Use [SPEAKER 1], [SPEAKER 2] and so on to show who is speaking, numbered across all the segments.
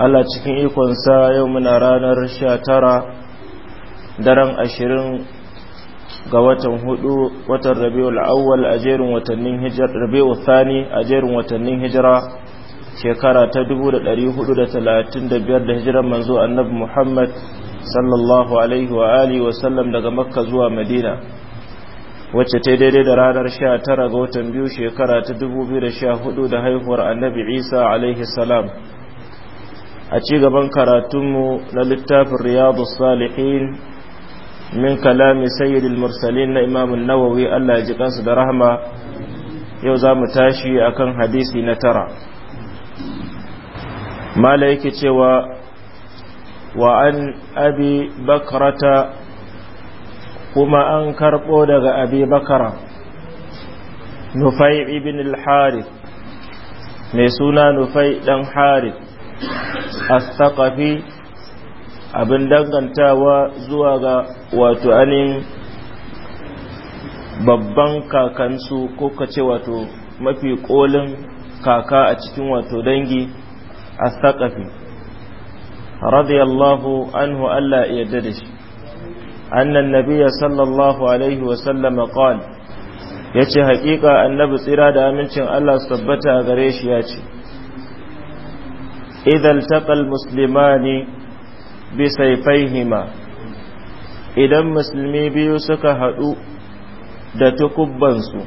[SPEAKER 1] Allah cikin ikonsa yau muna ranar sha tara daren ashirin ga watan hudu watan rabiul awwal a jerin watannin hijira rabiul thani a jerin watannin hijira shekara ta 1435 da hijiran manzo annabi Muhammad sallallahu alaihi wa alihi wa sallam daga makka zuwa madina wacce ta daidai da ranar 19 ga watan biyu shekara ta 2014 da haihuwar annabi isa alaihi salam a ci gaban karatunmu na littafin riyadu salihin min kalami sayyidul mursalin na imamun nawawi Allah ya ji kansu da rahama yau za mu tashi akan hadisi na tara mala yake cewa wa an abi bakarata kuma an karɓo daga abi bakara nufai ibn al-harith mai suna nufai ɗan harith astaqafi abin dangantawa zuwa ga wato anin babban kakansu ko ka ce wato mafi kolin kaka a cikin wato dangi astaqafi radiyallahu anhu Allah ya yarda da shi annan nabiyya sallallahu alaihi wa sallama qala yace hakika annabi tsira da amincin Allah su tabbata a gare shi ya ce إذا التقى المسلمان بسيفيهما إذا مسلمي بيوسك هدو da tukubbansu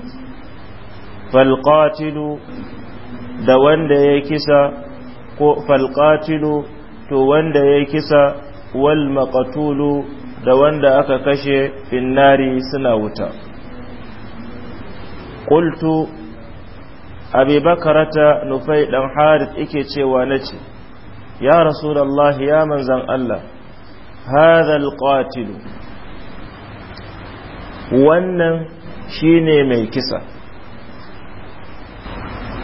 [SPEAKER 1] falƙatilu da wanda ya kisa ko falƙatilu to wanda ya kisa wal maƙatulu da wanda aka kashe finnari suna wuta ƙultu abi bakarata nufai dan harith yake cewa nace ya rasulullah ya manzan Allah hadha alqatil wannan shine mai kisa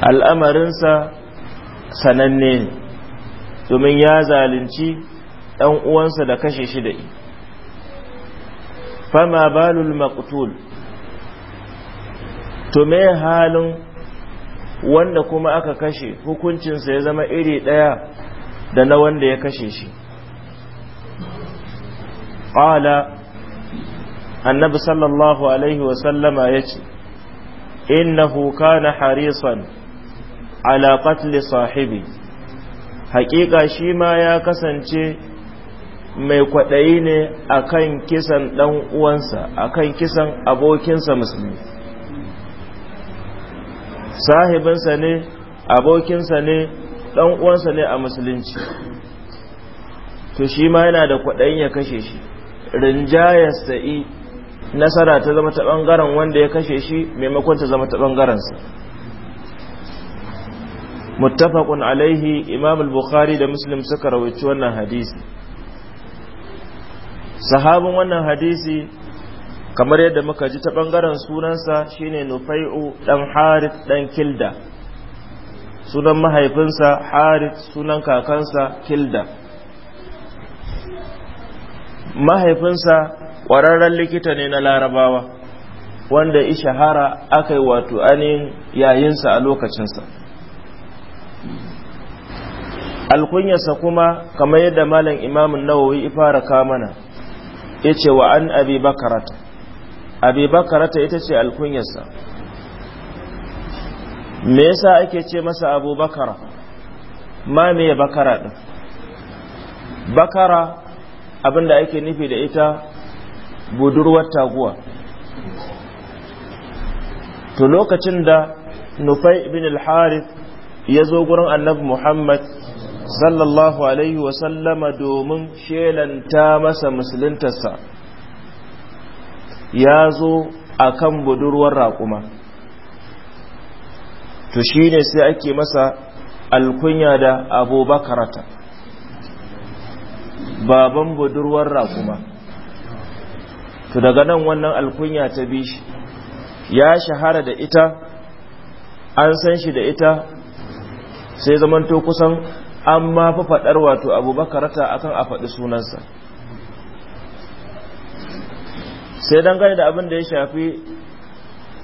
[SPEAKER 1] al'amarinsa sananne ne domin ya zalunci ɗan uwansa da kashe shi da fama balul maqtul to me halin wanda kuma aka kashe hukuncinsa ya zama iri ɗaya da na wanda ya kashe shi ƙala annabi sallallahu alaihi wasallama ya ce innahu kana harisan alaƙatli sahibi haƙiƙa shi ma ya kasance mai kwaɗayi ne akan kisan ɗan uwansa akan kisan abokinsa musulmi sahibinsa ne abokinsa ne ɗan uwansa ne a musulunci to shi ma yana da kwaɗayin ya kashe shi rinjayar sa'i nasara ta zama ta ɓangaren wanda ya kashe shi maimakon ta zama ta ɓangarensa muttafaqun alaihi imam al-bukhari da muslim suka rawaci wannan hadisi sahabin wannan hadisi kamar yadda muka ji ta ɓangaren sunansa shine nufai'u dan harith dan kilda sunan mahaifinsa harith sunan kakansa kilda mahaifinsa ƙwararren likita ne na larabawa wanda ishahara shahara aka yi wato anin yayinsa a lokacinsa alkunyarsa kuma kamar yadda malam imamun nawawi ifara kamana ya ce wa an abi bakarata abi bakarata ita ce alkunyarsa me yasa ake ce masa abu bakara ma me bakara din bakara abinda ake nufi da ita budurwar taguwa to lokacin da nufai ibn al-harith ya zo gurin annabi muhammad sallallahu alaihi wasallama domin shelanta masa musuluntarsa ya zo a kan budurwar raƙuma to shi ne sai ake masa alkunya da abubakarata baban budurwar raƙuma to daga nan wannan alkunya ta bi shi ya shahara da ita an san shi da ita sai zamanto kusan an ma fi faɗar wato abubakarata akan a faɗi sunansa sai dangane da abin da ya shafi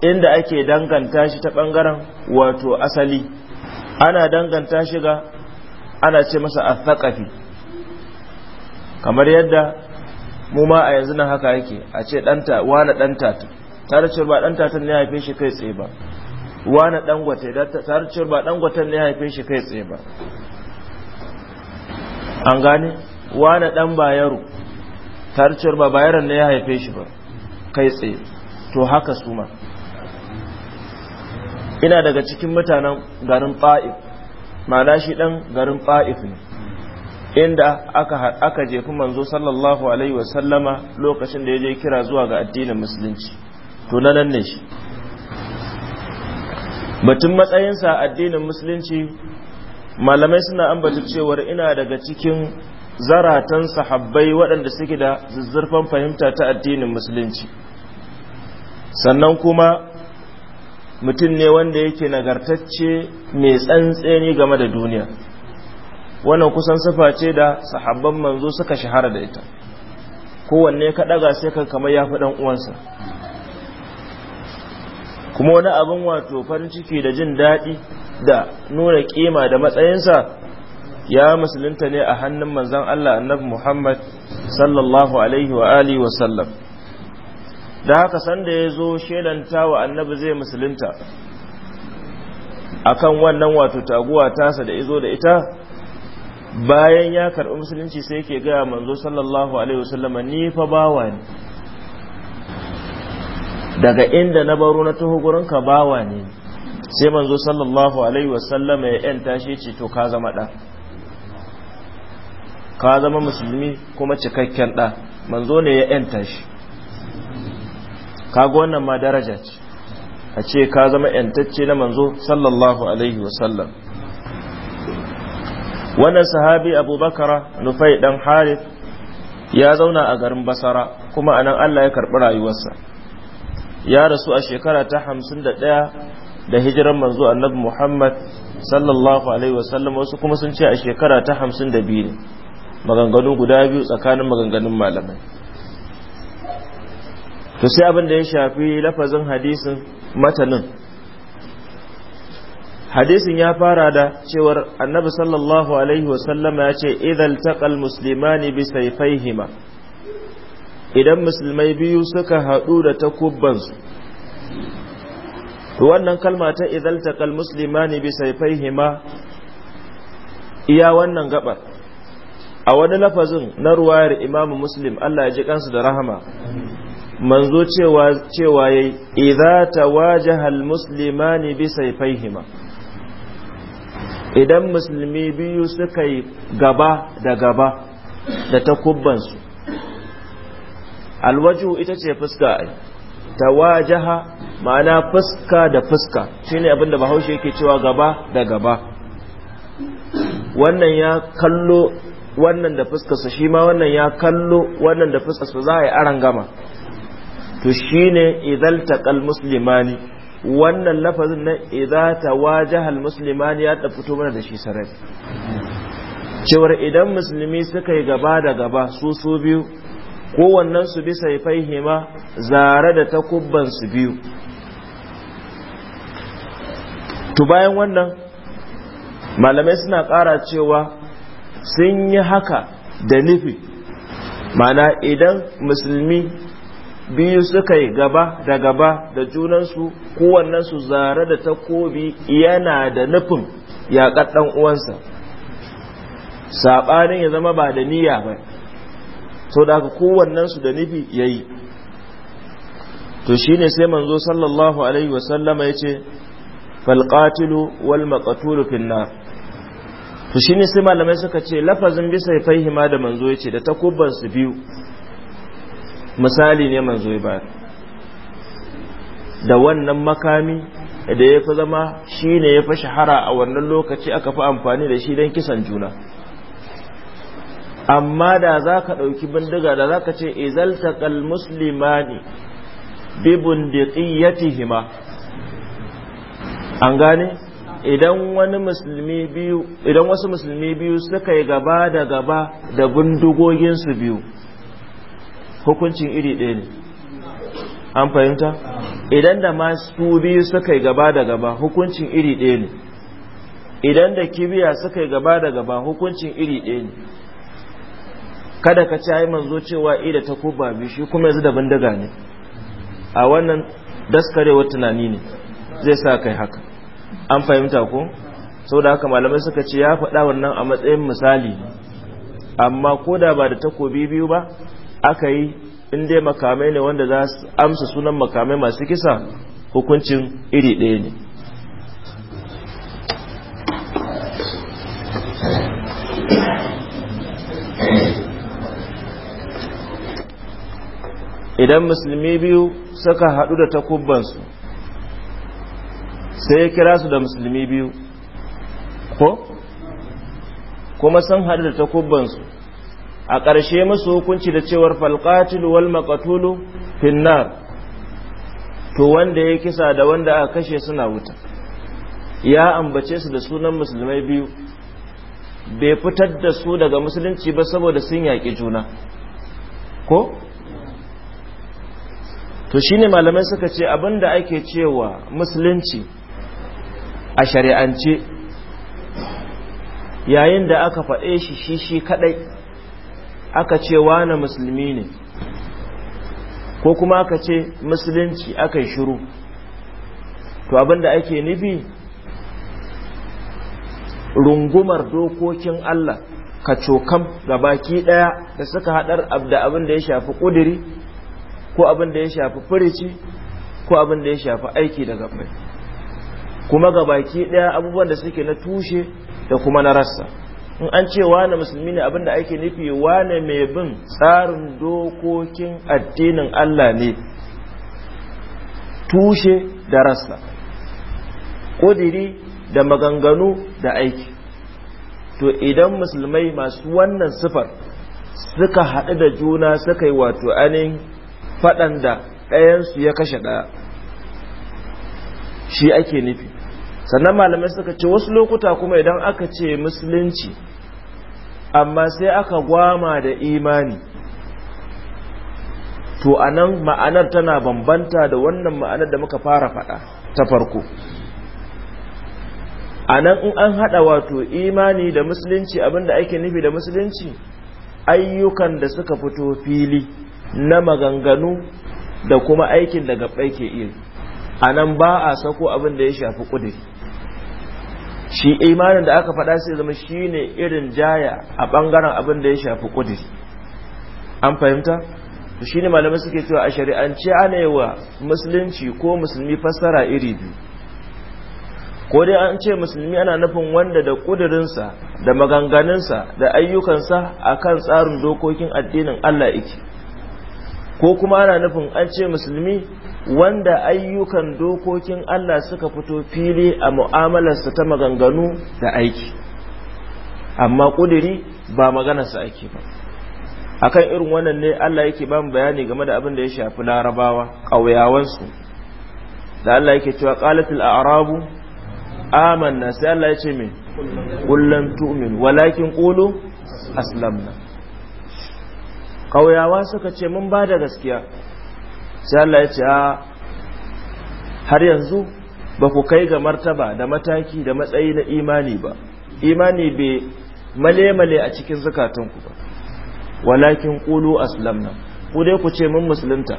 [SPEAKER 1] inda ake danganta shi ta bangaren wato asali ana danganta shi ga ana ce masa athaqafi kamar yadda mu ma a yanzu nan haka yake a ce danta wani danta ta cewa ba danta ta ne ya haife shi kai tsaye ba wani dangote tare cewa ba dangoten ne ya haife shi kai tsaye ba an gane wani dan bayero tare cewa ba bayaran ne ya haife shi ba kai tsaye to haka su ma ina daga cikin mutanen garin fa'if ma'ana shi ɗan garin fa'if ne inda aka jefi manzo sallallahu alaihi wasallama lokacin da ya je kira zuwa ga addinin musulunci to na nan ne shi batun matsayinsa addinin musulunci malamai suna ambata cewar ina daga cikin zaratan sahabbai waɗanda suke da zuzzurfan fahimta ta addinin musulunci sannan kuma mutum ne wanda yake nagartacce mai tsantseni game da duniya wannan kusan safa ce da sahabban manzo suka shahara da ita kowanne ka daga sai ka kamar ya fi uwansa kuma wani abin wato farin ciki da jin daɗi da nuna kima da matsayinsa ya musulunta ne a hannun manzan Allah annabi Muhammad sallallahu alaihi wa alihi wa sallam da haka sanda ya zo shelanta wa annabi zai musulunta akan wannan wato taguwa tasa da izo da ita bayan ya karɓi musulunci sai yake gaya manzo sallallahu alaihi wasallama ni fa bawa ne daga inda na baro na taho gurin ka bawa ne sai manzo sallallahu alaihi wasallama ya yan tashi ce to ka zama ɗa ka zama musulmi kuma cikakken ɗa manzo ne ya yan tashi kaga wannan ma daraja ce a ce ka zama yantacce na manzo sallallahu alaihi wasallam wannan sahabi Abu Bakar nufai dan harith ya zauna a garin basara kuma a nan allah ya karɓi rayuwarsa ya rasu a shekara ta hamsin da hijiran manzo annabi muhammad sallallahu alaihi wasallam wasu kuma sun ce a shekara ta hamsin ne maganganu guda biyu tsakanin maganganun malamai to sai abin da ya shafi lafazin hadisin matanin hadisin ya fara da cewar annabi sallallahu alaihi wasallama ya ce idan taƙal musulmani bi saifaihima idan musulmai biyu suka haɗu da takubbansu to wannan kalma ta idan taƙal musulmani bi saifaihima iya wannan gabar a wani lafazin na ruwayar imamu muslim Allah ya ji kansu da rahama manzo cewa cewa yayi idza tawajaha almuslimani bi sayfayhima idan musulmi biyu suka yi gaba da gaba da su alwaju ita ce fuska ai tawajaha ma'ana fuska da fuska shine abinda bahaushe yake cewa gaba da gaba wannan ya kallo wannan da fuskarsa shi ma wannan ya kallo wannan da fuskarsa za a yi aran gama to shine idal taqal muslimani wannan lafazin na idza tawajaha al muslimani ya ta fito mana da shi sarai cewar idan musulmi suka yi gaba da gaba su su biyu kowannen su bi ya fahima zare da takubban su biyu to bayan wannan malamai suna ƙara cewa sun yi haka da nufi mana idan musulmi biyu suka yi gaba da gaba da junansu kowannensu zare da takobi yana da nufin yaƙar ɗan uwansa saɓanin ya zama ba da niyya ba to da kowannen kowannensu da nufi ya yi to shi ne sai manzo sallallahu alaihi wasallama ya ce falƙatilu wal maƙatulu finna. to shi ne sai malamai suka ce lafazin bisa ya fahima da manzo ya ce da takobansu biyu misali ne manzo ya bayar da wannan makami da ya fi zama shi ne ya fi shahara a wannan lokaci aka fi amfani da shi don kisan juna amma da za ka ɗauki bindiga da za ka ce izaltaƙal musulmani bibin hima an gane idan wani musulmi biyu idan wasu musulmi biyu suka yi gaba da gaba da bindigoginsu biyu hukuncin iri ɗaya ne an fahimta idan da masu biyu suka yi gaba da gaba hukuncin iri ɗaya ne idan da kibiya suka yi gaba da gaba hukuncin iri ɗaya ne kada ka ci ai manzo cewa i da takuba biyu shi kuma yanzu da bindiga ne a wannan daskarewa tunani ne zai sa kai haka an fahimta ko sau da haka malamai suka ce ya faɗa wannan a matsayin misali amma ko da ba da takobi biyu ba aka yi in dai makamai ne wanda za su amsa sunan makamai masu kisa hukuncin iri ɗaya ne idan musulmi biyu suka haɗu da takubbansu sai ya kira su da musulmi biyu ko kuma sun haɗu da takubbansu a ƙarshe musu hukunci da cewar falqatil wal maqtulu finnar to wanda ya kisa da wanda aka kashe suna wuta ya ambace su da sunan musulmai biyu bai fitar da su daga musulunci ba saboda sun yaƙi juna ko to shine malamai suka ce abinda ake cewa musulunci a shari'ance yayin da aka faɗe shi shi shi kaɗai aka ce wane musulmi ne ko kuma aka ce musulunci aka yi shiru to abinda ake nufi rungumar dokokin Allah ka cokan baki daya da suka hadar abda abin da ya shafi kudiri ko abin ya shafi furici ko abin da ya shafi aiki da gabai kuma ga baki daya abubuwan da suke na tushe da kuma na rassa in an ce wane musulmi ne abinda ake nufi wane mai bin tsarin dokokin addinin Allah ne tushe da rasa ƙudiri da maganganu da aiki to idan musulmai masu wannan sifar suka haɗu da juna suka yi wato anin faɗan da ɗayansu ya kashe ɗaya shi ake nufi sannan malamai suka ce wasu lokuta kuma idan aka ce musulunci amma sai aka gwama da imani to anan ma'anar tana bambanta da wannan ma'anar da muka fara faɗa ta farko anan in an haɗa wato imani da musulunci abinda ake nufi da musulunci ayyukan da suka fito fili na maganganu da kuma aikin daga gabbai ke a anan ba a sako abin da ya shafi ƙudiri shi imanin da aka faɗa sai zama shi ne irin jaya a ɓangaren abin da ya shafi ƙudus an fahimta to shi ne malamai suke cewa a shari'ance ana yi wa musulunci ko musulmi fassara iri biyu ko dai an ce musulmi ana nufin wanda da ƙudurinsa da maganganunsa da ayyukansa a kan tsarin dokokin addinin allah iki ko kuma ana nufin an ce musulmi wanda ayyukan dokokin Allah suka fito fili a mu'amalarsa ta maganganu da aiki amma ƙudiri ba maganarsa ake ba akan irin wannan ne Allah yake ba mu bayani game da abin da ya shafi larabawa ƙauyawansu da Allah yake cewa ƙalatul a'rabu amanna sai Allah ya ce me kullum tu'min walakin qulu aslamna ƙauyawa suka ce mun ba da gaskiya sai Allah ya ce a har yanzu ba ku kai ga martaba da mataki da matsayi na imani ba imani bai male-male a cikin zukatanku ba walakin ƙulu aslamna ku dai ku ce mun musulunta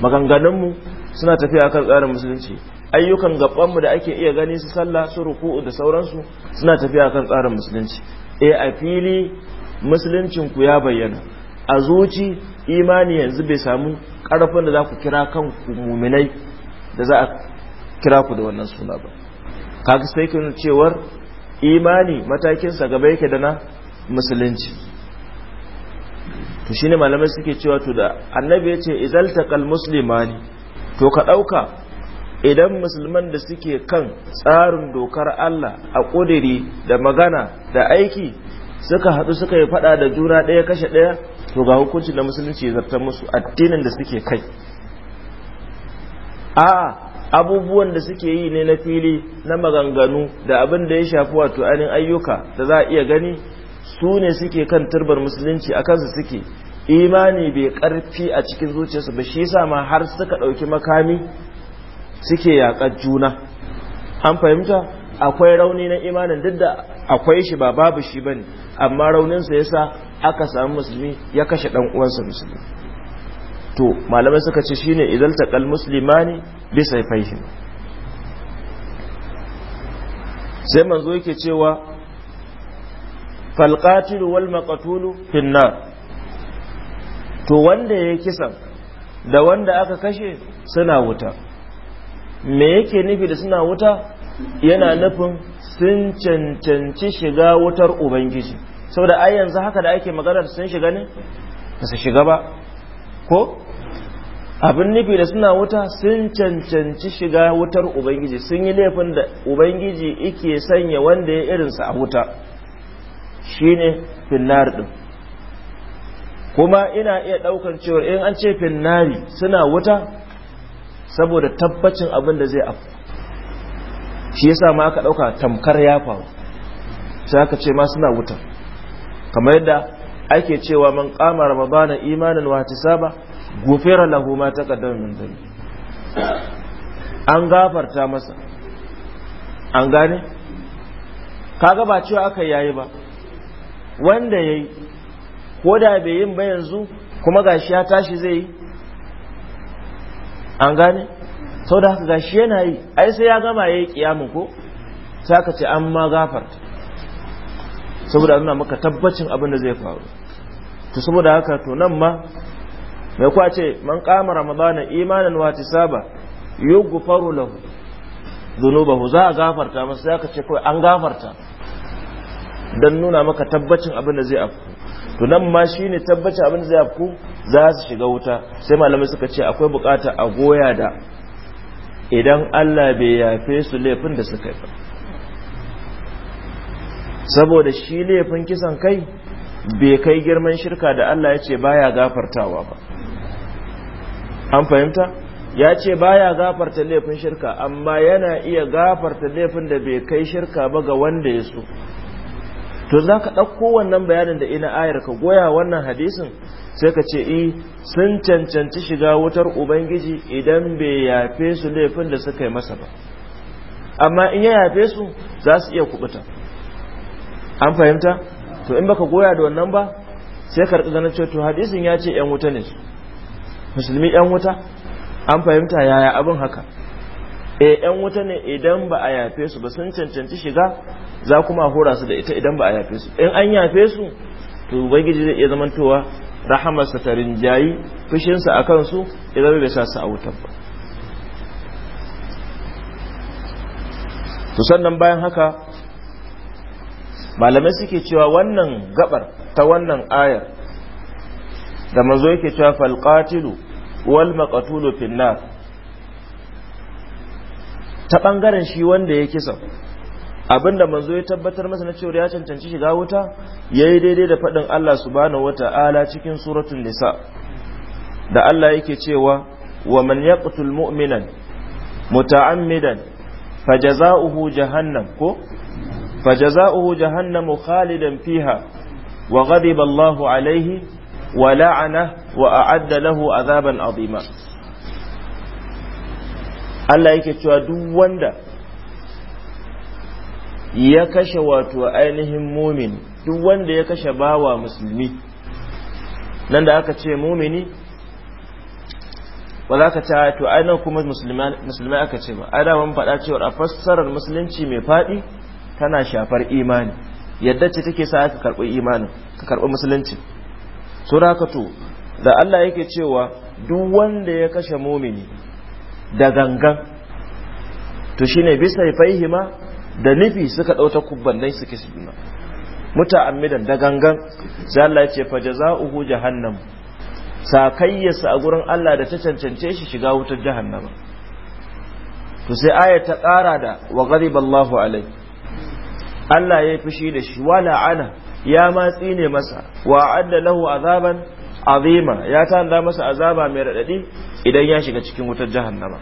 [SPEAKER 1] maganganunmu suna tafiya akan tsarin musulunci ayyukan gabanmu da ake iya gani su sallah su ruku'u da sauransu suna tafiya akan tsarin musulunci eh a fili musuluncin ku ya bayyana a zuci imani yanzu bai samu ƙarfin da za ku kira kan muminai da za a kira ku da wannan suna ba kaga sai kun cewar imani matakinsa gaba yake da na musulunci to shine malamai suke cewa to da annabi yace kal muslimani to ka dauka idan musulman da suke kan tsarin dokar Allah a kudiri da magana da aiki suka hadu suka yi faɗa da juna ɗaya kashe ɗaya. to ga hukunci na musulunci ya zartar musu addinin da suke kai a abubuwan da suke yi ne na fili na maganganu da abin da ya shafi wato ainihin ayyuka da za a iya gani su ne suke kan turbar musulunci a kansu suke imani bai karfi a cikin zuciyarsu ba shi yasa ma har suka ɗauki makami suke yaƙa juna an fahimta akwai rauni na imanin duk da akwai shi ba babu shi bane amma rauninsa yasa aka samu musulmi ya kashe dan uwansa musulmi to malamai suka ce shine idan taqal muslimani bi sayfayhim sai manzo yake cewa fal qatil wal maqtul fi nar to wanda ya kisa da wanda aka kashe suna wuta me yake nufi da suna wuta yana nufin sun cancanci shiga wutar ubangiji saboda ai yanzu haka da ake magana sun shiga ne ba su shiga ba ko abin nufi da suna wuta sun cancanci shiga wutar ubangiji sun yi laifin da ubangiji ike sanya wanda ya irinsa a wuta shine finnar din kuma ina iya daukan cewar in an ce finnari suna wuta saboda tabbacin abin da zai afu shi yasa ma aka ɗauka tamkar ya faru sai aka ce ma suna wuta kamar yadda ake cewa man qama ramadana imanin wa ihtisaba gufira lahu ma taqaddama min dhanbi an gafarta masa an gane kaga ba cewa aka yayi ba wanda yayi ko da bai yin ba yanzu kuma gashi ya tashi zai yi an gane sau da haka gashi yana yi ai sai ya gama ya yi kiyamu ko sai ka ce an ma gafarta saboda nuna maka tabbacin abin da zai faru to saboda haka to nan ma mai kwa man kama ramadana imanin wati saba yughfaru lahu dhunubahu za a gafarta masa sai ka ce kawai an gafarta dan nuna maka tabbacin abin da zai afku to nan ma shine tabbacin abin da zai afku za su shiga wuta sai malamai suka ce akwai bukata a goya da idan Allah bai yafe su laifin da suka yi saboda shi laifin kisan kai bai kai girman shirka da Allah ya ce baya gafartawa ba an fahimta ya ce baya gafarta laifin shirka amma yana iya gafarta laifin da bai kai shirka ba ga wanda ya so to za ka ɗauko wannan bayanin da ina ayar ka goya wannan hadisin sai ka ce e, sun cancanci shiga wutar ubangiji idan bai yafe su laifin da suka yi masa ba amma in ya yafe su za su iya kubuta an fahimta to in baka goya da wannan ba sai ka zanen ceto to hadisin ya ce yan wuta ne musulmi yan wuta an fahimta yaya abin haka eh yan wuta ne idan ba a yafe su ba sun cancanci shiga za kuma hura su da ita idan ba a yafe su in an yafe su to ubangiji zai iya zamantowa rahamarsa ta rinjayi fushinsa a kansu idan bai sa su a wutar ba sannan bayan haka malamai suke cewa wannan gabar ta wannan ayar da mazo yake cewa falqatilu wal maqtulu finnar ta ɓangaren shi wanda ya kisa abinda manzo ya tabbatar masa na cewa ya cancanci shiga wuta yayi daidai da faɗin Allah subhanahu wata'ala cikin suratul nisa da Allah yake cewa wa man yaqtul mu'minan muta'ammidan fajaza'uhu jahannam ko فجزاؤه جهنم خالدا فيها وغضب الله عليه ولعنه وأعد له عذابا عظيما Allah yake cewa duk wanda ya kashe wato ainihin mumin duk wanda ya kashe bawa musulmi nan da aka ce mumini ba za ka ta to ainihin kuma musulmai aka ce ba a da mun faɗa cewar a fassarar musulunci mai faɗi tana shafar imani yadda ce take sa aka imanin ka karɓi musulunci surakatu da Allah yake cewa duk wanda ya kashe mumini da gangan to shine bisa fahima da nufi suka ɗauta kubban dai suke suna muta muta'ammidan da gangan sai Allah ya ce fa jaza'uhu jahannam sakayyarsa a gurin Allah da ta cancance shi shiga wutar jahannama to sai aya ta ƙara da wa ghadiballahu alai Allah ya yi fushi da shi wala ana ya ma tsine masa wa adda lahu azaban azima ya tanda masa azaba mai radadi idan ya shiga cikin wutar jahannama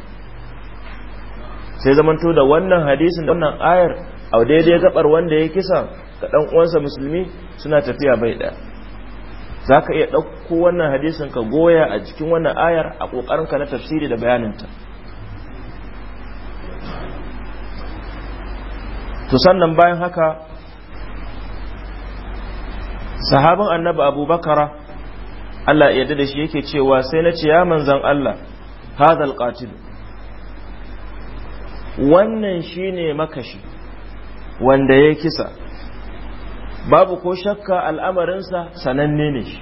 [SPEAKER 1] sai zamanto da wannan hadisin da wannan ayar a daidai gabar wanda ya kisa ga dan uwansa musulmi suna tafiya bai da zaka iya dauko wannan hadisin ka goya a cikin wannan ayar a kokarin ka na tafsiri da bayaninta ta to sannan bayan haka sahabin annabi Abubakar Allah ya da shi yake cewa sai na ce ya manzan Allah hadal qatil wannan shine makashi wanda ya kisa babu ko shakka al'amarinsa sananne ne shi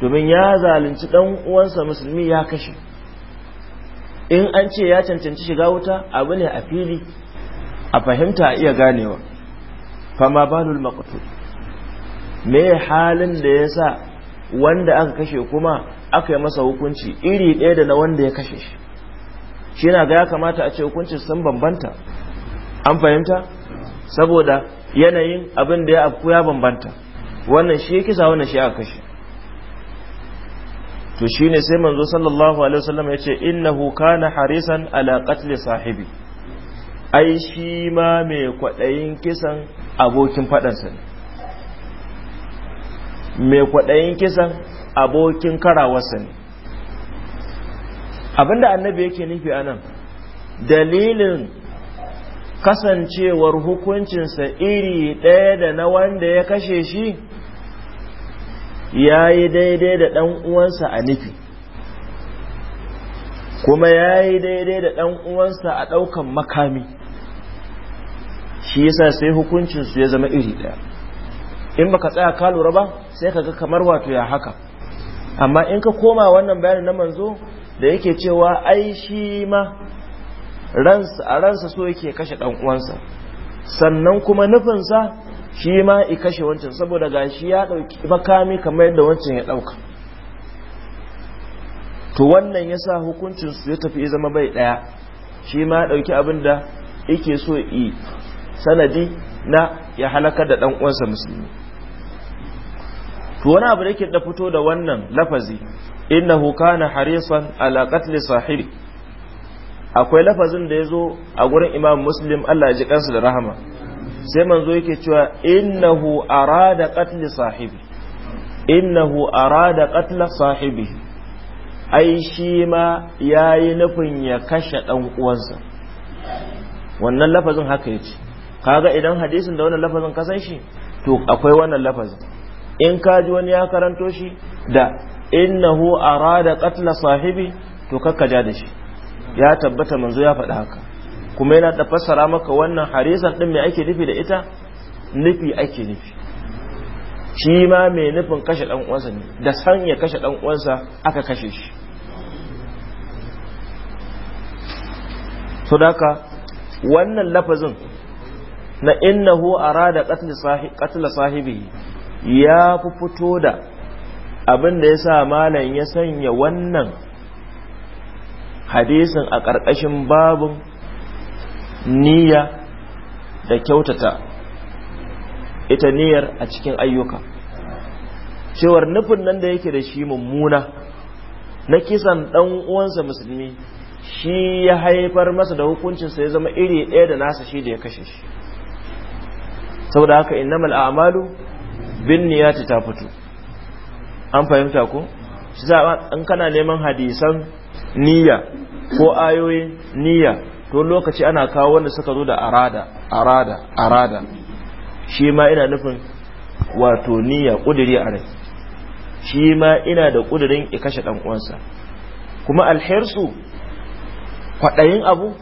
[SPEAKER 1] domin ya zalunci dan uwansa musulmi ya kashe in an ce ya cancanci shiga wuta abu ne a fili a fahimta a iya ganewa fama balul maqtul me halin da ya sa wanda aka kashe kuma aka yi masa hukunci iri ɗaya da na wanda ya kashe shi shi na ga ya kamata a ce hukuncin sun bambanta an fahimta saboda yanayin abin da ya afku ya bambanta wannan shi ya kisa wannan shi aka kashe to shine sai manzo sallallahu alaihi wasallam ya ce innahu kana harisan ala qatl sahibi ai shi ma mai kwaɗayin kisan abokin faɗansa ne mai kwaɗayin kisan abokin karawarsa ne abinda annabi yake nufi a nan dalilin kasancewar hukuncinsa iri ɗaya da na wanda ya kashe shi ya yi daidai da ɗan uwansa a nufi kuma ya yi daidai da ɗan uwansa a ɗaukan makami shi yasa sai hukuncin su ya zama iri ɗaya in baka tsaya ka lura ba sai ka ga kamar wato ya haka amma in ka koma wannan bayani na manzo da yake cewa ai shi ma ransa a ransa so yake kashe dan uwansa sannan kuma nufinsa shi ma i kashe wancan saboda gashi ya dauki makami kamar yadda wancan ya dauka to wannan yasa hukuncin su ya tafi zama bai daya shi ma ya dauki abin da yake so i sanadi na ya halakar da dan uwansa musulmi to wani abu yake da fito da wannan lafazi innahu kana harisan ala qatl sahibi akwai lafazin da ya zo a gurin imam muslim Allah ya ji kansa da rahama sai manzo yake cewa innahu arada qatl sahibi innahu arada qatl sahibi ai shi ma yayi nufin ya kashe dan uwansa wannan lafazin haka yace kaga idan hadisin da wannan lafazin ka san shi to akwai wannan lafazin in ka ji wani ya karanto shi da innahu arada qatla sahibi to kakka ja da shi ya tabbata manzo ya faɗi haka kuma yana da fassara maka wannan harisan din me ake nufi da ita nufi ake nufi shi ma mai nufin kashe dan uwansa ne da san ya kashe dan uwansa aka kashe shi so wannan lafazin na innahu da qatl sahibi ya fi fito da abin da ya sa malam ya sanya wannan hadisin a ƙarƙashin babin niyya da kyautata ita niyyar a cikin ayyuka cewar nufin nan da yake da shi mummuna na kisan ɗan uwansa musulmi shi ya haifar masa da hukuncinsa ya zama iri ɗaya da nasa shi da ya kashe shi saboda haka mal a'malu binniyati ta fito an fahimta ko shi za an kana neman hadisan niyya ko ayoyin niyya to lokaci ana kawo wanda suka zo da arada arada arada shi ma ina nufin wato niyya kudiri a rai shi ma ina da kudirin ya kashe dan uwansa kuma alhirsu kwadayin abu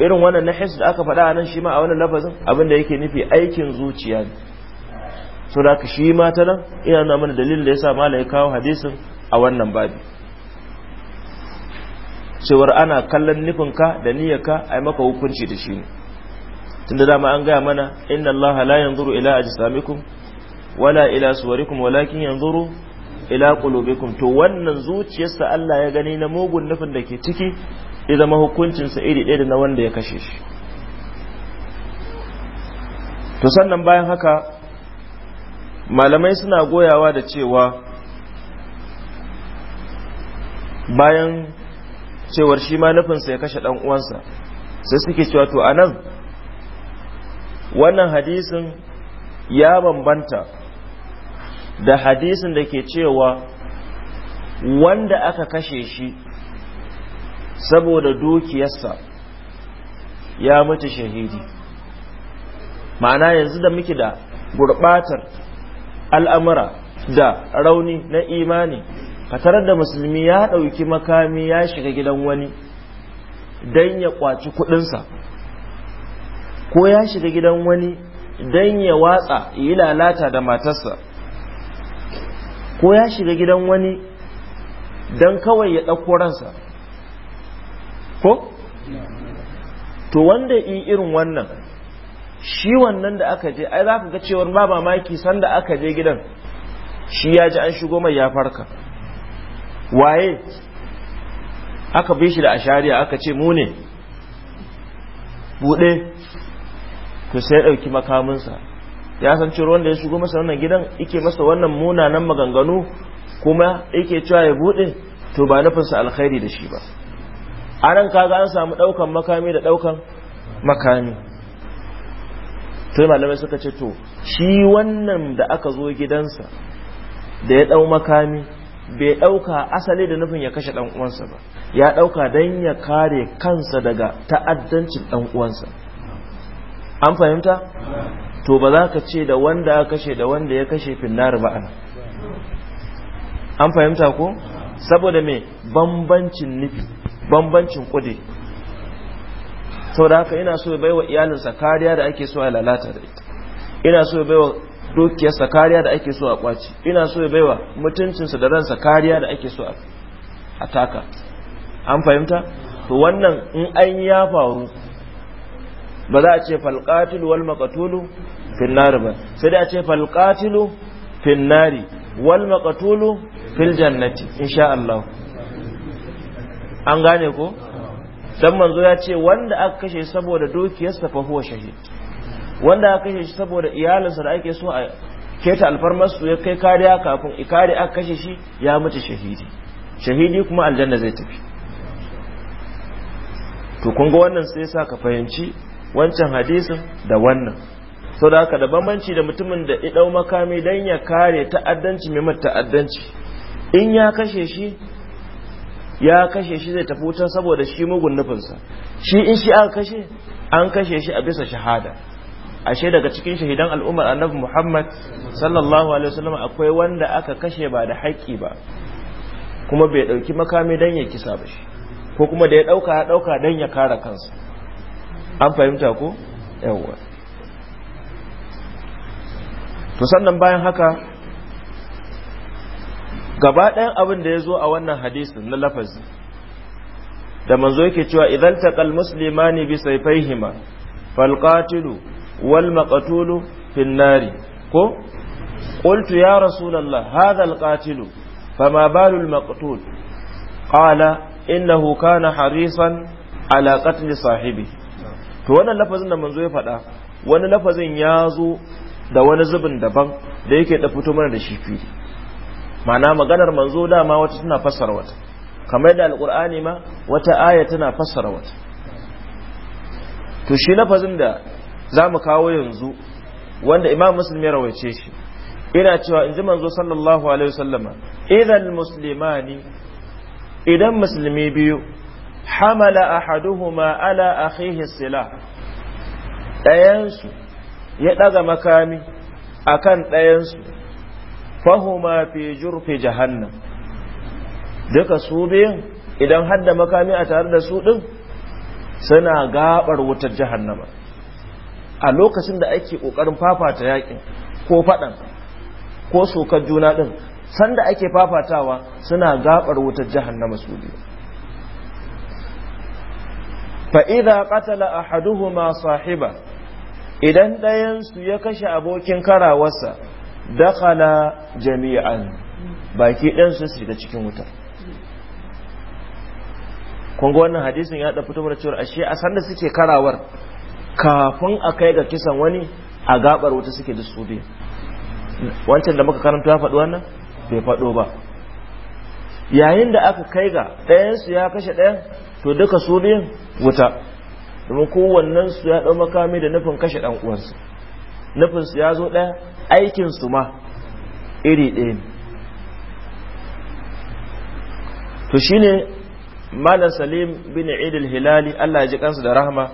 [SPEAKER 1] irin wannan na hisd da aka faɗa a nan shi ma a wannan lafazin abinda yake nufi aikin zuciya ne so da shi ma ta nan ina nuna mana dalilin da yasa mala ya kawo hadisin a wannan babi cewar ana kallon nufin ka da niyyar ka ai maka hukunci da shi ne tunda dama an gaya mana inna allaha la yanzuru ila ajsamikum wala ila suwarikum walakin yanzuru ila qulubikum to wannan zuciyarsa Allah ya gani na mugun nufin da ke ciki ya zama hukuncinsa iri ɗaya da na wanda ya kashe shi to sannan bayan haka malamai suna goyawa da cewa bayan cewar shi ma nufinsa ya kashe uwansa sai suke cewa to a nan wannan hadisin ya bambanta da hadisin da ke cewa wanda aka kashe shi saboda dukiyarsa ya mutu shahidi ma'ana yanzu da muke da gurbatar al'amura da rauni na imani fatarar da musulmi ya ɗauki makami ya shiga gidan wani don ya kwaci kudinsa ko ya shiga gidan wani don ya watsa yi lalata da matarsa ko ya shiga gidan wani don kawai ya ɗauko ransa ko to wanda yi irin wannan shi wannan da aka je ai za ka ga cewar ba mamaki sanda aka je gidan shi ya ji an shigo mai ya farka waye aka bi shi da ashariya aka ce mu ne Bude, to sai ɗauki makaminsa ya san cewar wanda ya shigo masa wannan gidan ike masa wannan munanan maganganu kuma yake cewa ya buɗe to ba nufinsa alkhairi da shi ba a nan kaga an samu ɗaukan makami da ɗaukan makami to malamai suka ce to shi wannan da aka zo gidansa da ya ɗau makami bai ɗauka asali da nufin ya kashe ɗan uwansa ba ya ɗauka don ya kare kansa daga ta'addancin ɗan uwansa an fahimta to ba za ka ce da wanda ya kashe da wanda ya kashe finnar ba ana an fahimta ko saboda mai bambancin nufi bambancin kudi sau da haka ina so ya baiwa iyalinsa kariya da ake so a lalata da ita ina so ya baiwa dukiyarsa kariya da ake so a kwaci ina so ya baiwa mutuncinsa da ransa kariya da ake so a taka an fahimta to wannan in an ya faru ba za a ce falqatilu wal makatulu finnari ba sai da a ce falqatilu finnari wal makatulu fil jannati insha Allah an gane ko dan manzo ya ce wanda aka kashe saboda dukiyarsa fa huwa shahid wanda aka kashe saboda iyalinsa da ake so a keta alfarmar su ya kai kariya kafin ikari aka kashe shi ya mutu shahidi shahidi kuma aljanna zai tafi to kun ga wannan sai sa ka fahimci wancan hadisin da wannan sau da haka da bambanci da mutumin da idau makami don ya kare ta'addanci mai ta'addanci in ya kashe shi ya kashe shi zai tafi wuta saboda shi mugun nufinsa shi in shi aka kashe an kashe shi a bisa shahada ashe daga cikin shahidan al'ummar annabi Muhammad sallallahu alaihi wasallam akwai wanda aka kashe ba da haƙƙi ba kuma bai dauki makami dan ya kisa ba shi ko kuma da ya dauka ya dauka dan ya kara kansa an fahimta ko yawa to sannan bayan haka gaba ɗayan abin da ya zo a wannan hadisin na lafazi da manzo yake cewa idan taƙal muslimani bi sai fal qatilu wal maƙatulu finnari ko ƙultu ya rasu hadha al qatilu fama balu al ƙala innahu kana harisan ala ni sahibi to wannan lafazin da manzo ya faɗa wani lafazin ya zo da wani zubin daban da yake da fito mana da shi mana maganar manzo dama wata tana fassara wata kamar da alkur'ani ma wata aya tana fassara wata to shi lafazin da zamu kawo yanzu wanda imam muslim ya rawaice shi ina cewa in manzo sallallahu alaihi wasallama idan muslimani idan musulmi biyu hamala ahaduhuma ala akhihi sila ɗayansu ya ɗaga makami akan ɗayansu fahuma fi jurfi jahannam duka su biyun idan hadda makami a tare da su din suna gabar wutar jahannama a lokacin da ake kokarin fafata yakin ko fadan ko sokar juna din sanda ake fafatawa suna gabar wutar jahannama su biyu fa idza qatala ahaduhuma sahiba idan ɗayansu ya kashe abokin karawarsa dakala jami'an baki ɗan su shiga cikin wuta kun wannan hadisin ya ɗafi fito cewar ashe a sanda suke karawar kafin a kai ga kisan wani a gabar wuta suke da su biyu wancan da muka karanta ya faɗi wannan bai faɗo ba yayin da aka kai ga ɗayansu ya kashe ɗayan to duka su biyun wuta domin kowannensu ya ɗau makami da nufin kashe ɗan uwansu. nufinsu ya zo ɗaya aikin su ma iri ɗaya ne to shine malam salim bin idil hilali allah ya ji kansu da rahama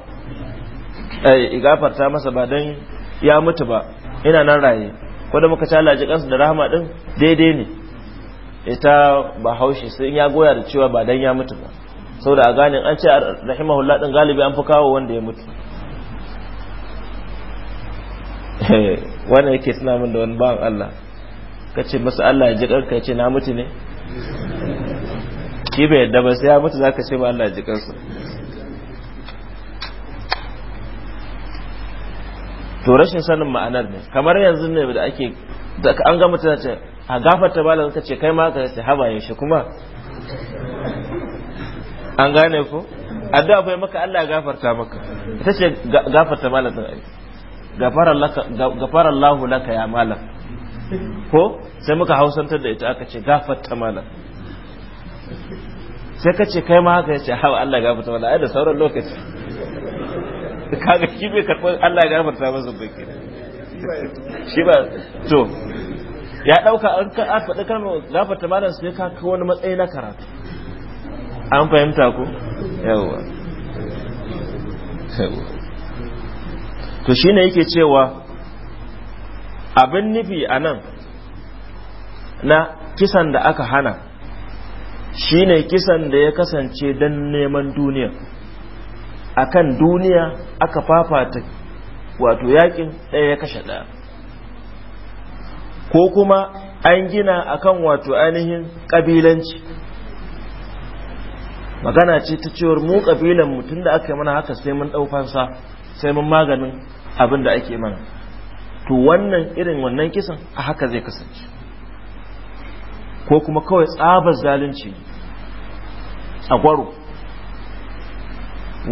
[SPEAKER 1] eh, ya masa ba don ya mutu ba ina nan raye ko da muka ci allah ya ji kansu da rahama din daidai ne ita ba haushi sai ya goya da cewa ba dan ya mutu ba saboda a ganin an ce rahimahullah din galibi an fi kawo wanda ya mutu Eh, wannan yake suna min da wani bawan Allah ka ce masu Allah ya ji karka ce na mutu ne shi bai yadda ba sai ya mutu zaka ce ba Allah ya ji kansa to rashin sanin ma'anar ne kamar yanzu ne da ake da an ga na ce a gafarta malam ka ce kai ma ka ce haba yaushe kuma an gane ko addu'a bai maka Allah ya gafarta maka ita ce gafarta malam aiki. gafara Allahu laka ya malam ko sai muka hausantar da ita aka ce gafarta malam sai ka ce kai ma haka ya ce hawa Allah gafarta malam ai da sauran lokaci kaga shi bai karɓar Allah gafarta masa bai shi ba to ya ɗauka an ka a faɗi kalmar gafarta malam sai ka ka wani matsayi na karatu an fahimta ku yawwa yawwa to shi shine yake cewa abin nufi a nan na kisan da aka hana shine kisan da ya kasance don neman duniya akan duniya aka fafata wato yakin ɗaya ya kashe ɗaya ko kuma an gina akan wato ainihin ƙabilanci magana ce ta cewar mu ƙabilan mutum da aka yi mana haka sai mun ɗaufansa sai mun maganin abin da ake mana to wannan irin wannan kisan a haka zai kasance ko kuma kawai tsabar zalunci a gwaro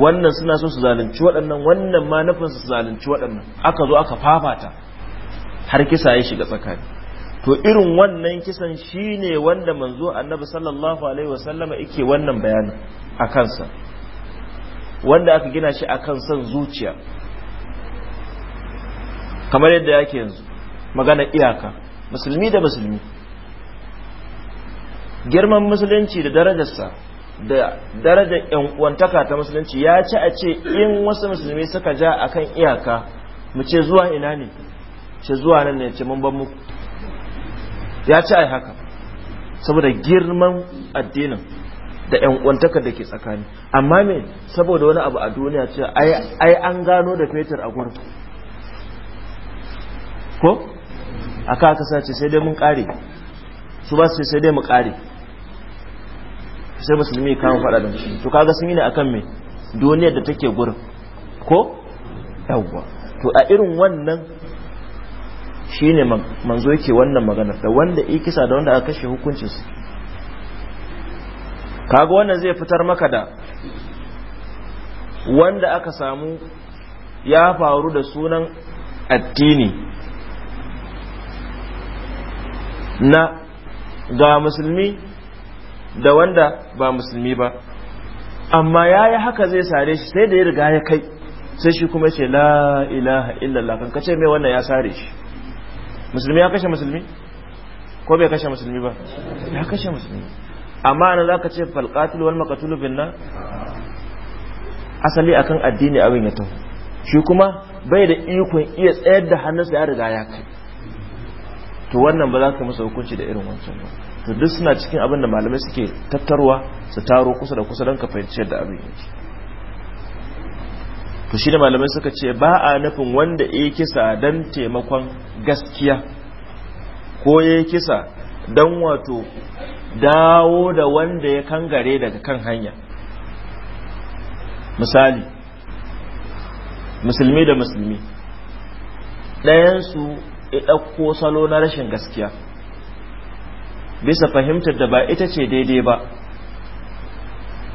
[SPEAKER 1] wannan suna so su zalunci waɗannan wannan ma nufin su zalunci waɗannan aka zo aka fafata har kisa ya shiga tsakani to irin wannan kisan shine wanda manzo annabi sallallahu alaihi wasallama yake wannan bayanin a kansa wanda aka gina shi a kan son zuciya kamar yadda yake yanzu magana iyaka musulmi da musulmi girman musulunci da darajarsa da darajar yan uwantaka ta musulunci ya ci a ce in wasu musulmi suka ja akan iyaka mu ce zuwa ina ne ce zuwa nan ne ce mun muku ya ci ai haka saboda girman addinin da yan uwantaka da ke tsakani amma me saboda wani abu a duniya ce ai an gano da fetur a gurfi ko aka aka sace sai dai mun kare su ba su sai dai mu kare sai musulmi kawo fada da shi to kaga sun yi ne akan me duniyar da take gurin ko yawwa to a irin wannan shine manzo yake wannan magana da wanda yake kisa da wanda aka kashe hukuncin su kaga wannan zai fitar maka da wanda aka samu ya faru da sunan addini na ga musulmi da wanda ba musulmi ba amma ya yi haka zai sare shi sai da ya riga ya kai sai shi kuma ce la ilaha illallah kan kace mai wannan ya sare shi musulmi ya kashe musulmi ko bai kashe musulmi ba ya kashe musulmi amma ana za ka ce falƙatul wal maƙatulu binna asali akan addini abin ya taho shi kuma bai da ikon iya tsayar da hannunsa ya riga ya kai to wannan ba za ka masa hukunci da irin wancan ba to duk suna cikin abin da malamai suke tattarwa su taro kusa da kusa don ka fahimci yadda abin yake to shi da malamai suka ce ba a nufin wanda ya kisa don taimakon gaskiya ko ya kisa don wato dawo da wanda ya kangare daga kan hanya misali musulmi da musulmi ɗayansu ya ɗauko salo na rashin gaskiya bisa fahimtar da ba ita ce daidai ba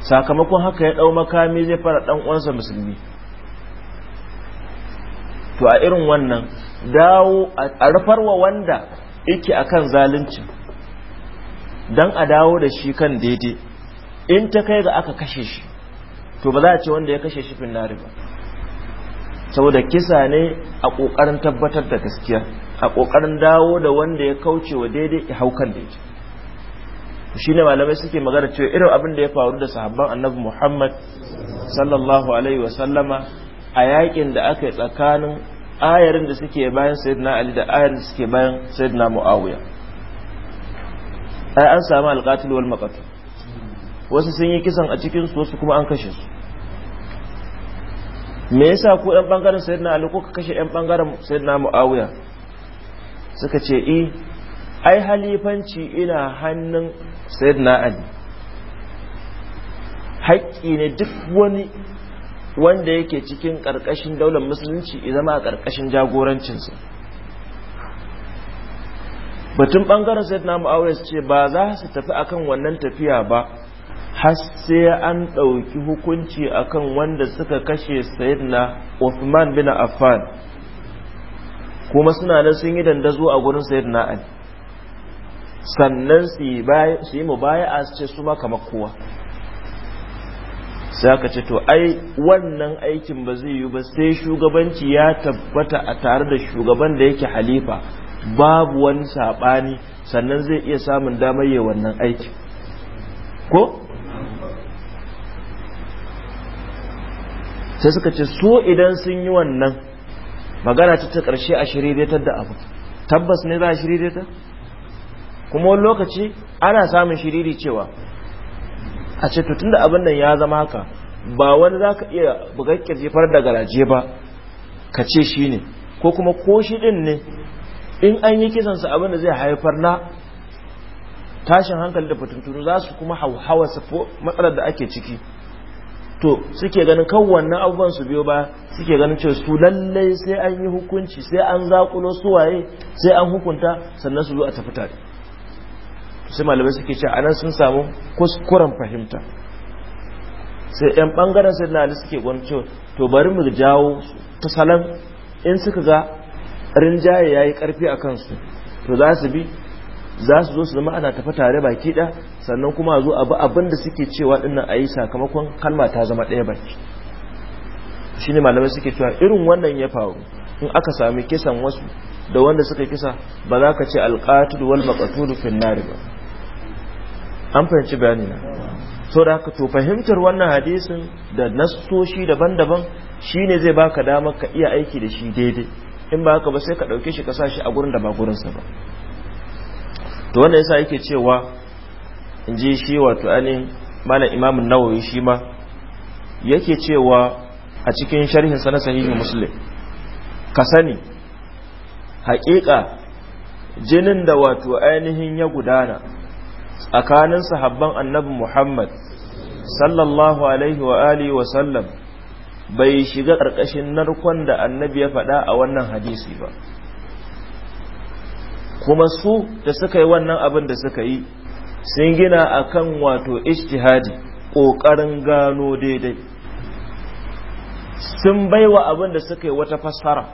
[SPEAKER 1] sakamakon haka ya ɗau makami zai fara ɗan uwansa musulmi to a irin wannan dawo a rufarwa wanda yake kan zalunci don a dawo da shi kan daidai in ta kai ga aka kashe shi to ba za a ce wanda ya kashe shi finnari ba saboda kisa ne a ƙoƙarin tabbatar da gaskiya a ƙoƙarin dawo da wanda ya kauce wa daidai ya haukan da yake shi ne malamai suke magana cewa irin abin da ya faru da sahabban annabi muhammad sallallahu alaihi wasallama a yakin da aka yi tsakanin ayarin da suke bayan sayyidina ali da ayarin da suke bayan sayyidina muawiya ai an samu alqatil wal maqatil wasu sun yi kisan a cikin su wasu kuma an kashe su me yasa ku ɗan bangaren sayyidina ali ko ka kashe ɗan bangaren sayyidina muawiya suka ce i eh, ai halifanci ina hannun sayyidina ali haƙƙi ne duk wani wanda yake cikin ƙarƙashin daular musulunci izama zama a ƙarƙashin jagorancinsu? batun ɓangaren sayyidina ma'auris ce ba za su tafi akan wannan tafiya ba har sai an ɗauki hukunci akan wanda suka kashe sayyidina Uthman bin Affan kuma suna nan sun yi dandazo a gurin na ali sannan su yi a su ce su ma kamar kowa sai aka ce to ai wannan aikin ba zai yi ba sai shugabanci ya tabbata a tare da shugaban da yake halifa babu wani saɓani sannan zai iya samun damar yi wannan aikin ko sai suka ce so idan sun yi wannan magana ce ta ƙarshe a shiridaitar da abu tabbas ne za a shiririta kuma wani lokaci ana samun shiriri cewa a ce tutun da abin nan ya zama haka ba wani za ka iya bugakkiyar jefar da garaje ba ka ce shi ne ko kuma ko shi ɗin ne in an yi kisansa abin da zai haifar na tashin hankali da fitintunu za su kuma hauhawa matsalar da ake ciki to suke ganin kan wannan abubuwan su biyo ba suke ganin cewa su lallai sai an yi hukunci sai an zakulo su waye sai an hukunta sannan su zo a tafi tare sai malamai suke cewa anan sun samu kuskuren fahimta sai yan bangaren sai na suke gwanin cewa to bari mu jawo ta salon in suka ga rinjaye yayi karfi a kansu to za su bi za su zo su zama ana tafi tare baki ɗaya sannan kuma a zo abu abin da suke cewa dinnan a yi sakamakon kalma ta zama ɗaya baki shi ne malamai suke cewa irin wannan ya faru in aka sami kisan wasu da wanda suka kisa ba za ka ce alƙatul wal maqatul fil nar ba an fahimci bayani na so da haka to fahimtar wannan hadisin da nassoshi daban-daban shine zai baka damar ka iya aiki da shi daidai in ba haka ba sai ka ɗauke shi ka sa shi a gurin da ba gurin ba to wannan yasa yake cewa in ji shi wato anin malam imamu nawawi shi ma yake cewa a cikin sharhin sa sahihin muslim ka sani haƙiƙa jinin da wato ainihin ya gudana tsakanin sahabban annabi muhammad sallallahu alaihi wa alihi wa sallam bai shiga ƙarƙashin narkon da annabi ya faɗa a wannan hadisi ba kuma su da suka yi wannan abin da suka yi sun gina a kan wato ishtihadi ƙoƙarin gano daidai sun baiwa abin da suka yi wata fassara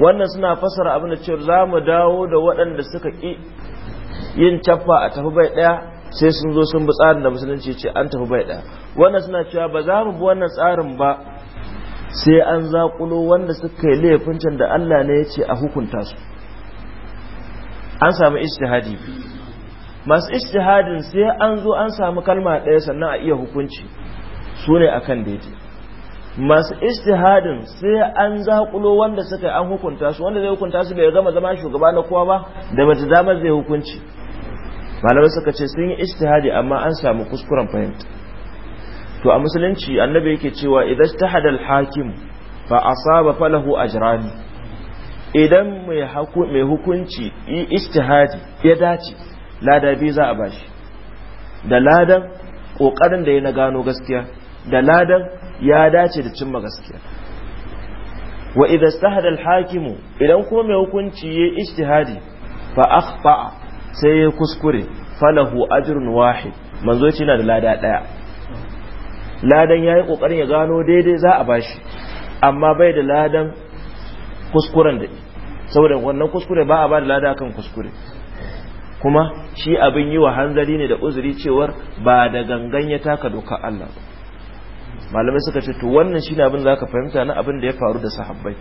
[SPEAKER 1] wannan suna fassara abin da cewa za mu dawo da waɗanda suka ƙi yin caffa a tafi bai ɗaya sai sun zo sun bi tsarin da musulunci ce an tafi bai ɗaya wannan suna cewa ba za mu bi wannan tsarin ba sai an zaƙulo wanda suka yi laifin can da Allah ne ya ce a hukunta su an samu istihadi masu istihadin sai an zo an samu kalma ɗaya sannan a iya hukunci su ne a kan daidai masu istihadin sai an zaƙulo wanda suka an hukunta su wanda zai hukunta su bai gama zama shugaba na kowa ba da mace damar zai hukunci malamai suka ce sun yi istihadi amma an samu kuskuren fahimta to a musulunci annabi yake cewa idan ta al-hakim a saba falahu a ajrani idan mai hukunci yi istihadi ya dace lada biyu za a bashi da ladan ƙoƙarin da ya na gano gaskiya da ladan ya dace da cimma gaskiya wa idan stahada alhakimu idan kuma mai hukunci ya istihadi fa akhfa sai ya kuskure falahu ajrun wahid manzo yana da lada daya ladan yayi kokarin ya gano daidai za a bashi amma bai da ladan kuskuren da saboda wannan kuskure ba a ba da lada kan kuskure kuma shi abin yi wa hanzari ne da uzuri cewar ba da gangan ya taka doka Allah malamai suka ce to wannan shi shine abin da aka fahimta na abin da ya faru da sahabbai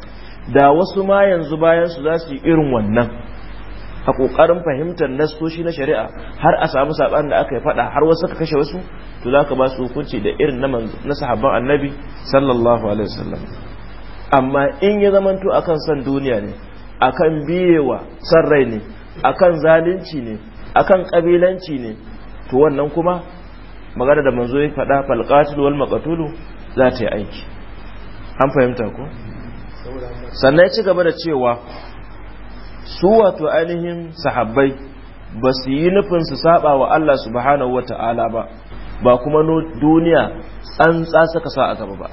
[SPEAKER 1] da wasu ma yanzu bayan su za su yi irin wannan a kokarin fahimtar nasoshi na shari'a har a samu sabanin da aka yi fada har wasu ka kashe wasu to za ka ba su hukunci da irin na na sahabban annabi sallallahu alaihi wasallam amma in ya zamanto akan san duniya ne akan biyewa san rai ne akan zalunci ne akan kabilanci ne to wannan kuma magana da manzo ya faɗa falqatul wal maqtulu za ta yi aiki an fahimta ko sannan ya ci gaba da cewa su wato ainihin sahabbai ba su yi nufin su saba wa Allah subhanahu wata'ala ba ba kuma duniya tsantsa suka sa a gaba ba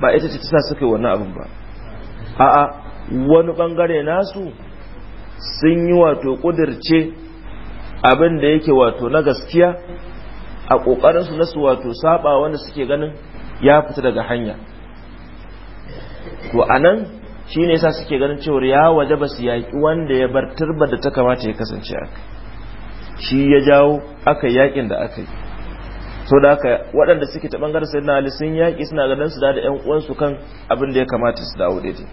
[SPEAKER 1] ba ita ce ta sa suka yi wannan abin ba a'a wani bangare nasu sun yi wato kudirce abin da yake wato na gaskiya a ƙoƙarinsu na su wato saba wanda suke ganin ya fita daga hanya to anan nan shi ne sa suke ganin cewar ya waje ba su yaƙi wanda ya bar turba da ta kamata ya kasance kai. shi ya jawo aka yaƙin da aka yi sau da aka waɗanda suke ta ɓangaren sai na sun yaƙi suna ganin su da da 'yan uwansu kan abin da ya kamata su dawo daidai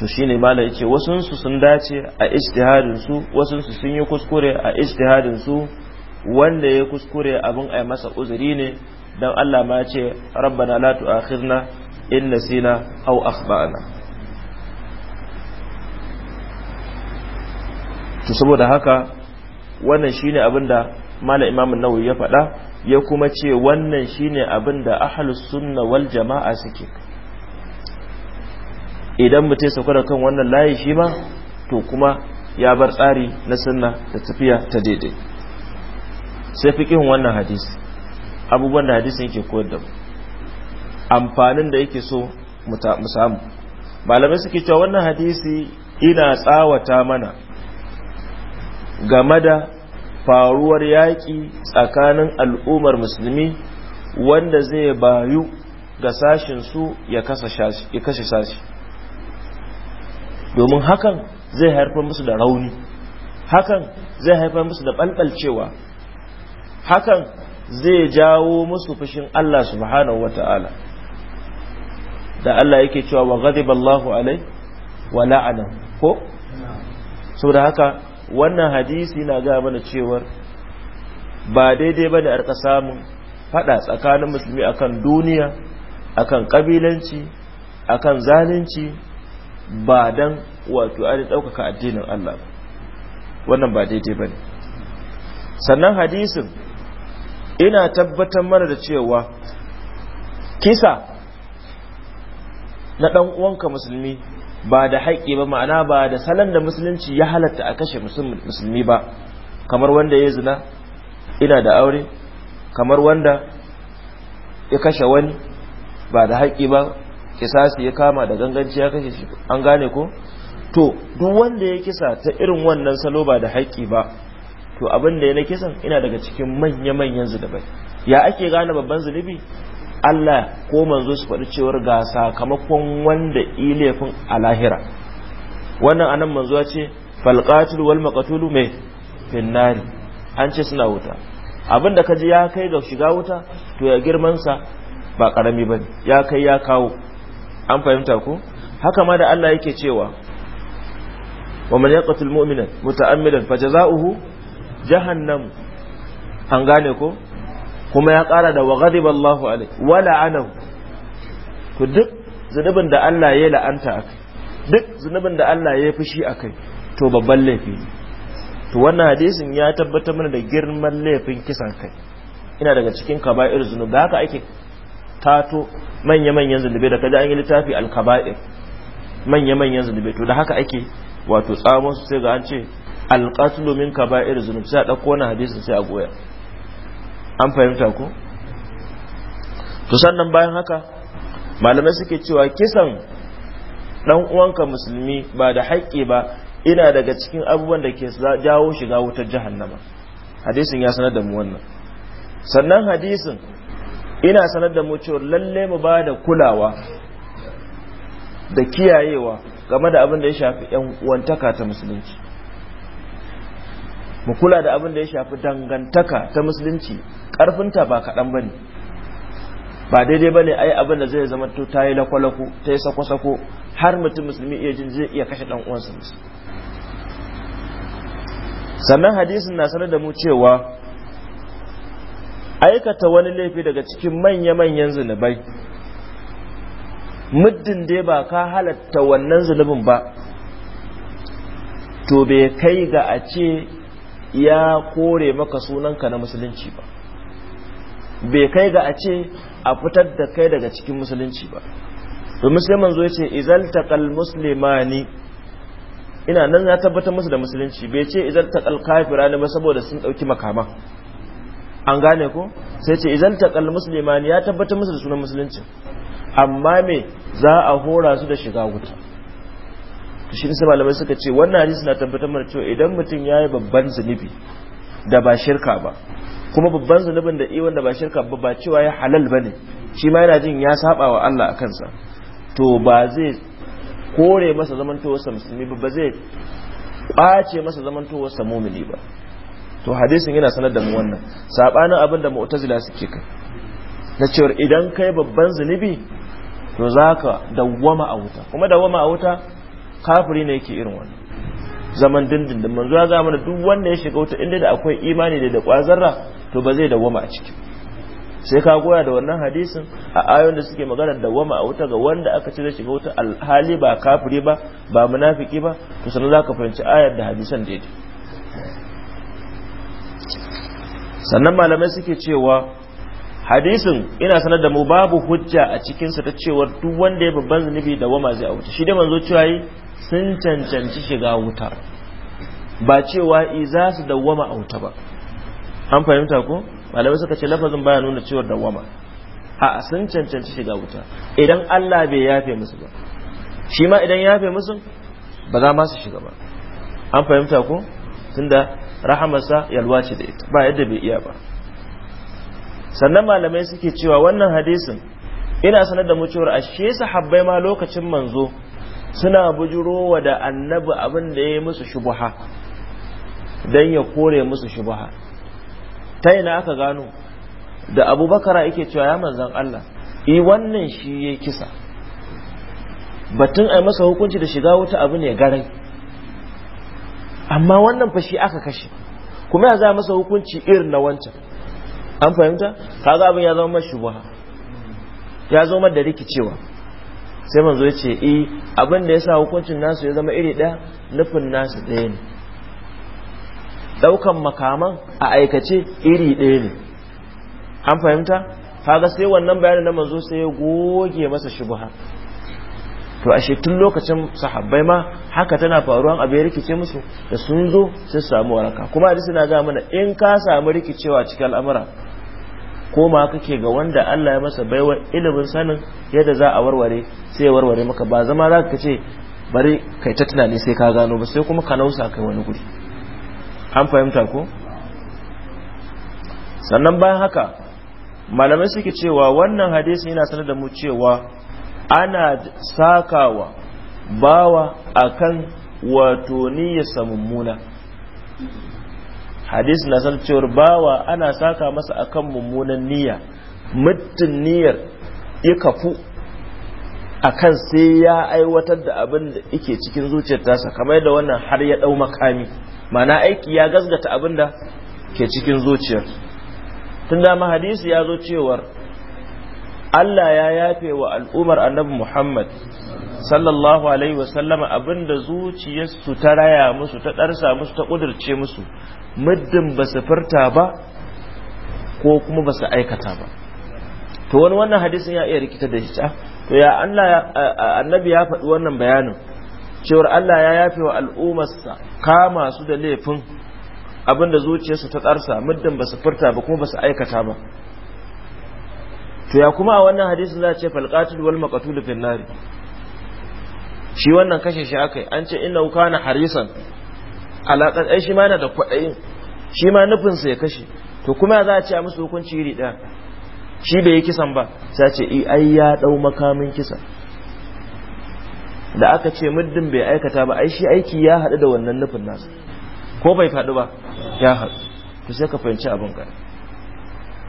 [SPEAKER 1] to shine ne yace wasun su sun dace a ijtihadin su wasun su sun yi kuskure a ijtihadin su wanda ya kuskure abin ai masa uzuri ne dan Allah ma ce rabbana la tu'akhirna in nasina aw akhtana to saboda haka wannan shine abinda mala imam an-nawawi ya faɗa ya kuma ce wannan shine abinda ahlus sunna wal jama'a suke idan mutum ya sauka da kan wannan layi shi ma to kuma ya bar tsari na sunna da tafiya ta daidai sai fiqhin wannan hadisi abubuwan da hadisin yake koyar da amfanin da yake so mu samu malamai suke cewa wannan hadisi ina tsawata mana game da faruwar yaƙi tsakanin al'ummar musulmi wanda zai bayu ga sashen su ya kashe sashi domin hakan zai haifar musu da rauni hakan zai haifar musu da ɓalɓalcewa hakan zai jawo musu fushin Allah subhanahu wata'ala da Allah yake cewa wa ghadiba Allahu alai wa la'ana ko saboda haka wannan hadisi na ga mana cewa ba daidai ba da arka samun fada tsakanin musulmi akan duniya akan kabilanci akan zalunci ba dan wato a ɗaukaka addinin Allah wannan ba daidai ba ne sannan hadisin ina tabbatar mana da cewa kisa na ɗan uwanka musulmi ba da haƙƙi ba ma'ana ba da salon da musulunci ya halatta a kashe musulmi ba kamar wanda ya zina ina da aure kamar wanda ya kashe wani ba da haƙƙi ba kisasi ya kama da ganganci ya kashe shi an gane ko to duk wanda ya kisa ta irin wannan salo ba da haƙƙi ba to abin da ya na kisan ina daga cikin manya-manyan bai ya ake gane babban zunubi Allah ko manzo su faɗi cewar ga sakamakon wanda ilefin a lahira wannan anan manzo ya ce falqatul wal maqtulu mai finnari an ce suna wuta abin da kaji ya kai ga shiga wuta to ya girman sa ba karami bane ya kai ya kawo an fahimta ko haka ma da Allah yake cewa wa man yaqtul mu'mina muta'ammidan jazaohu jahannam an gane ko kuma ya kara da wa ghadiba Allahu wa la'anahu to duk zunubin da Allah ya la'anta akai duk zunubin da Allah ya fushi akai to babban laifi to wannan hadisin ya tabbatar mana da girman laifin kisan kai ina daga cikin kaba'ir zunub da haka ake tato manya-manyan zunubai da kaji an yi littafi alkaba'ir manya-manyan zunubai to da haka ake wato tsamon su sai ga an ce alƙatulu domin kaba'ir zunub sai a ɗauko wani hadisin sai a goya an fahimta ko to sannan bayan haka malamai suke cewa kisan dan uwanka musulmi ba da haƙƙi ba ina daga cikin abubuwan da ke jawo shiga wutar jahannama hadisin ya sanar da mu wannan sannan hadisin ina sanar da mu cewa lalle mu ba da kulawa da kiyayewa game da abin da ya shafi yan uwantaka ta musulunci mu kula da abin da ya shafi dangantaka ta musulunci karfinta ba kaɗan ba ne ba daidai ba ne a abin da zai zama to ta yi lakwalako ta yi sako-sako har mutum musulmi iya jin zai iya kashe ɗan uwansa sannan hadisin na sanar da mu cewa aikata wani laifi daga cikin manya-manyan zunubai muddin dai ba ka halatta wannan zunubin ba to bai kai ga a ce ya kore maka sunanka na musulunci ba bai kai ga a ce a fitar da kai daga cikin musulunci ba domin musulman zo ya ce izaltaqal musulmani ina nan ya tabbatar musu da musulunci bai ce takal kafirani ba saboda sun dauki makaman. an gane ko sai ce idan taqal muslimani ya tabbatar musu da sunan musulunci amma me za a hora su da shiga wuta to shi sai malamai suka ce wannan hadisi na tabbatar mana cewa idan mutum yayi babban zunubi da ba shirka ba kuma babban zunubin da iwan da ba shirka ba ba cewa ya halal bane shi ma yana jin ya saba wa Allah a kansa to ba zai kore masa zamantowarsa musulmi ba ba zai kwace masa zamantowarsa mumini ba to hadisin yana sanar da mu wannan sabanin abin da mu'tazila suke kai na cewa idan kai babban zunubi to zaka dawwama a wuta kuma dawwama a wuta kafiri ne yake irin wannan zaman dindindin manzo ya ga duk wanda ya shiga wuta inda da akwai imani da da kwazarra to ba zai dawwama a ciki sai ka goya da wannan hadisin a ayoyin da suke magana dawwama a wuta ga wanda aka ce zai shiga wuta alhali ba kafiri ba ba munafiki ba to sanan zaka fahimci ayar da hadisan daidai sannan malamai suke cewa hadisin ina sanar da mu babu hujja a cikinsa ta cewa duk wanda ya babban zunubi da wama zai wuta shi dai manzo cewa yi sun cancanci shiga wuta ba cewa iza za su da a wuta ba an fahimta ko malamai suka ce lafazin baya nuna cewa wama a sun cancanci shiga wuta idan Allah bai yafe musu ba shi ma idan yafe musu ba za ma su shiga ba an fahimta ko tunda rahamarsa yalwaci da ita ba yadda bai iya ba sannan malamai suke cewa wannan hadisin ina sanar da mu cewar ashe sahabbai ma lokacin manzo suna bujurowa da annabi abin da ya yi musu shubuha don ya kore musu shubuha ta ina aka gano da abubakara yake cewa ya manzan Allah i eh, wannan shi ya kisa batun a masa hukunci da shiga wuta abu ne garai amma wannan fashi aka kashe kuma ya za masa hukunci irin na wancan an fahimta za abin ya zama buha ya zama da rikicewa sai manzo ya ce eh abin da sa hukuncin nasu ya zama iri ɗaya nufin nasu ɗaya ne ɗaukan makaman a aikace iri ɗaya ne an fahimta kaga sai wannan bayanin na manzo sai ya goge masa shubha to ashe tun lokacin sahabbai ma haka tana faruwa abu ya rikice musu da sun zo sun samu waraka kuma a na ga mana in ka samu rikicewa cikin al'amura ko ma kake ga wanda Allah ya masa baiwa ilimin sanin yadda za a warware sai ya warware maka ba zama za ka ce bari kai ta tunani sai ka gano ba sai kuma ka nausa kai wani guri an fahimta ko sannan bayan haka malamai suke cewa wannan hadisi yana sanar da mu cewa ana sakawa bawa akan wato niyyarsa mummuna hadis na san cewar bawa ana saka masa akan mummunan niyya mutun niyyar ya kafu akan sai ya aiwatar da abin da yake cikin zuciyar tasa kamar da wannan har ya dau makami mana aiki ya gazgata abin da ke cikin zuciyar tun dama hadisi ya zo cewar Allah ya yafe wa al'umar annabi Muhammad sallallahu alaihi wasallama abinda zuciyarsu ta raya musu ta ɗarsa musu ta ƙudurce musu muddin ba su furta ba ko kuma ba su aikata ba to wani wannan hadisin ya iya rikita da shi ah, to ya Allah annabi ya faɗi wannan bayanin cewar Allah ya yafe wa al'umarsa kama su da laifin abinda zuciyarsu ta ɗarsa, muddin ba su furta ba kuma ba su aikata ba to ya kuma a wannan hadisin za a ce falqatul wal maqtul fi nari shi wannan kashe shi akai an ce innahu kana harisan alaƙar ai shi ma yana da kwaɗayin shi ma nufinsa ya kashe to kuma za a ce a musu hukunci iri ɗaya shi bai yi kisan ba sai ce i eh, ai ya ɗau makamin kisa da aka ce muddin bai aikata ba ai shi aiki ya haɗu da wannan nufin nasa ko bai faɗi ba ya haɗu to sai ka fahimci abin ka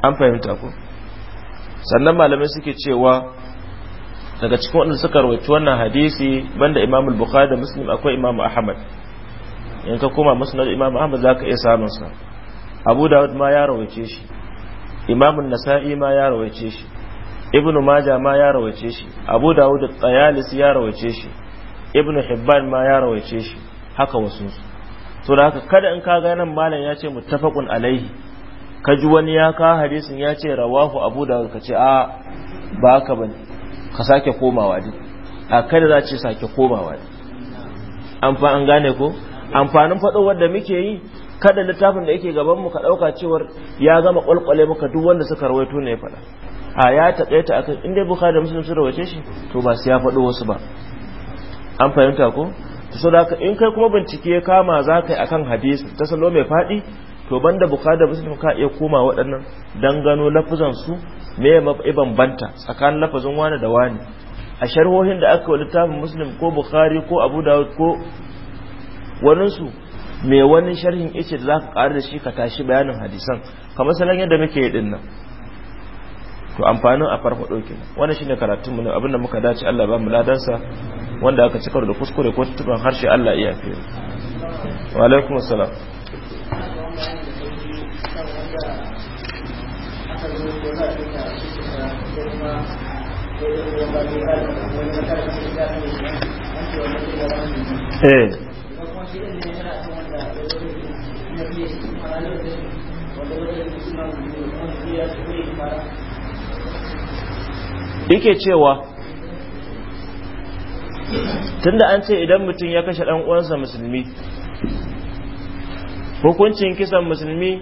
[SPEAKER 1] an fahimta ko sannan malamai suke cewa daga cikin wanda suka rawaito wannan hadisi banda Imam bukhari da Muslim akwai Imam Ahmad in ka koma musnad Imam Ahmad zaka iya samun sa Abu Dawud ma ya rawaice shi Imam nasai ma ya rawaice shi Ibn Majah ma ya rawaice shi Abu Dawud tsayalis ya rawaice shi Ibn Hibban ma ya rawaice shi haka wasu to da haka kada in ka ga nan malam ya ce muttafaqun alaihi ka ji wani ya ka hadisin ya ce rawahu abu da ka ce a ba ka bane ka sake komawa dai a kada za ce sake komawa dai Amfan an gane ko amfanin faɗo wanda muke yi kada littafin da yake gaban mu ka ɗauka cewar ya gama kwalkwale maka duk wanda suka rawaito ne ya faɗa a ya taƙaita akan in dai bukhari da muslim sun rawace shi to ba su ya faɗo wasu ba an fahimta ko to so da in kai kuma bincike kama za ka yi akan hadisi ta salo mai faɗi to banda bukhari da musulmi ka iya koma waɗannan dan gano lafazan su me ya bambanta tsakanin lafazin wani da wani a sharhohin da aka littafin musulmi ko bukari ko abu dawud ko waninsu me wani sharhin ice da za ka ƙari da shi ka tashi bayanin hadisan kamar salon yadda muke yi din nan to amfanin a ɗauki wani shi shine karatun mu ne abinda muka dace Allah ba mu ladansa wanda aka cikar da kuskure ko tuban harshe Allah iya fiye wa alaikum Eh. yake cewa tunda an ce idan mutum ya kashe ɗan uwansa musulmi hukuncin kisan musulmi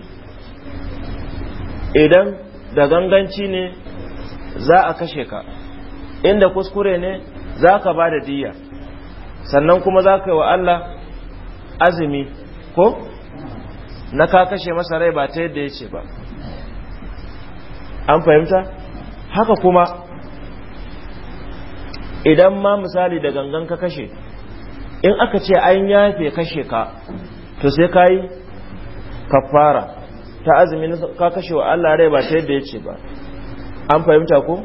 [SPEAKER 1] idan da ganganci ne za a kashe ka inda kuskure ne za ka ba da diya sannan kuma za ka yi wa Allah azumi ko na ka kashe masa rai ba ta yadda ya ce ba an fahimta haka kuma idan ma misali da gangan ka kashe in aka ce an yafe kashe ka to sai ka yi kafara ta azumin ka kashe wa Allah rai ba ta yadda ya ce ba an fahimta ko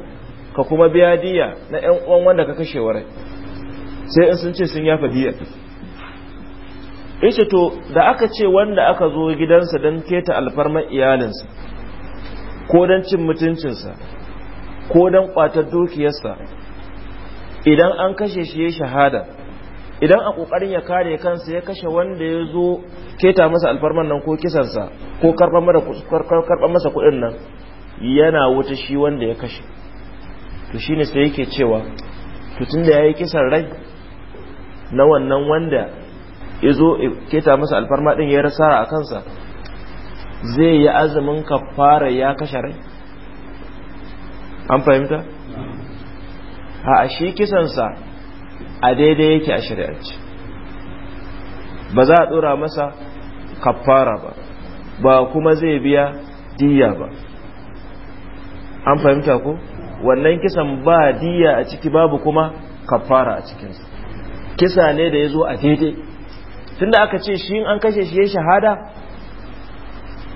[SPEAKER 1] ka kuma biya diya na ƴan uwan wanda ka kashe wa rai sai in sun ce sun yafa diya ita to da aka ce wanda aka zo gidansa don keta alfarmar iyalinsa ko don cin mutuncinsa ko don kwatar dukiyarsa idan an kashe shi ya shahada idan a kokarin ya kare kansa ya kashe wanda ya zo keta masa alfarman nan ko kisansa ko karban masa kudin nan yana wuta shi wanda ya kashe to shi ne sai yake cewa tutun da ya yi kisan rai na wannan wanda ya zo keta masa alfarma din ya rasara a kansa zai yi azumin kafara ya kashe rai an fahimta a shi kisansa a daidai yake a shari'arci ba za a dora masa kafara ba ba kuma zai biya diya ba an fahimta ko wannan kisan ba diya a ciki babu kuma kafara a cikinsa kisa ne da ya zo a daidai tunda aka ce shi in an kashe shi ya shahada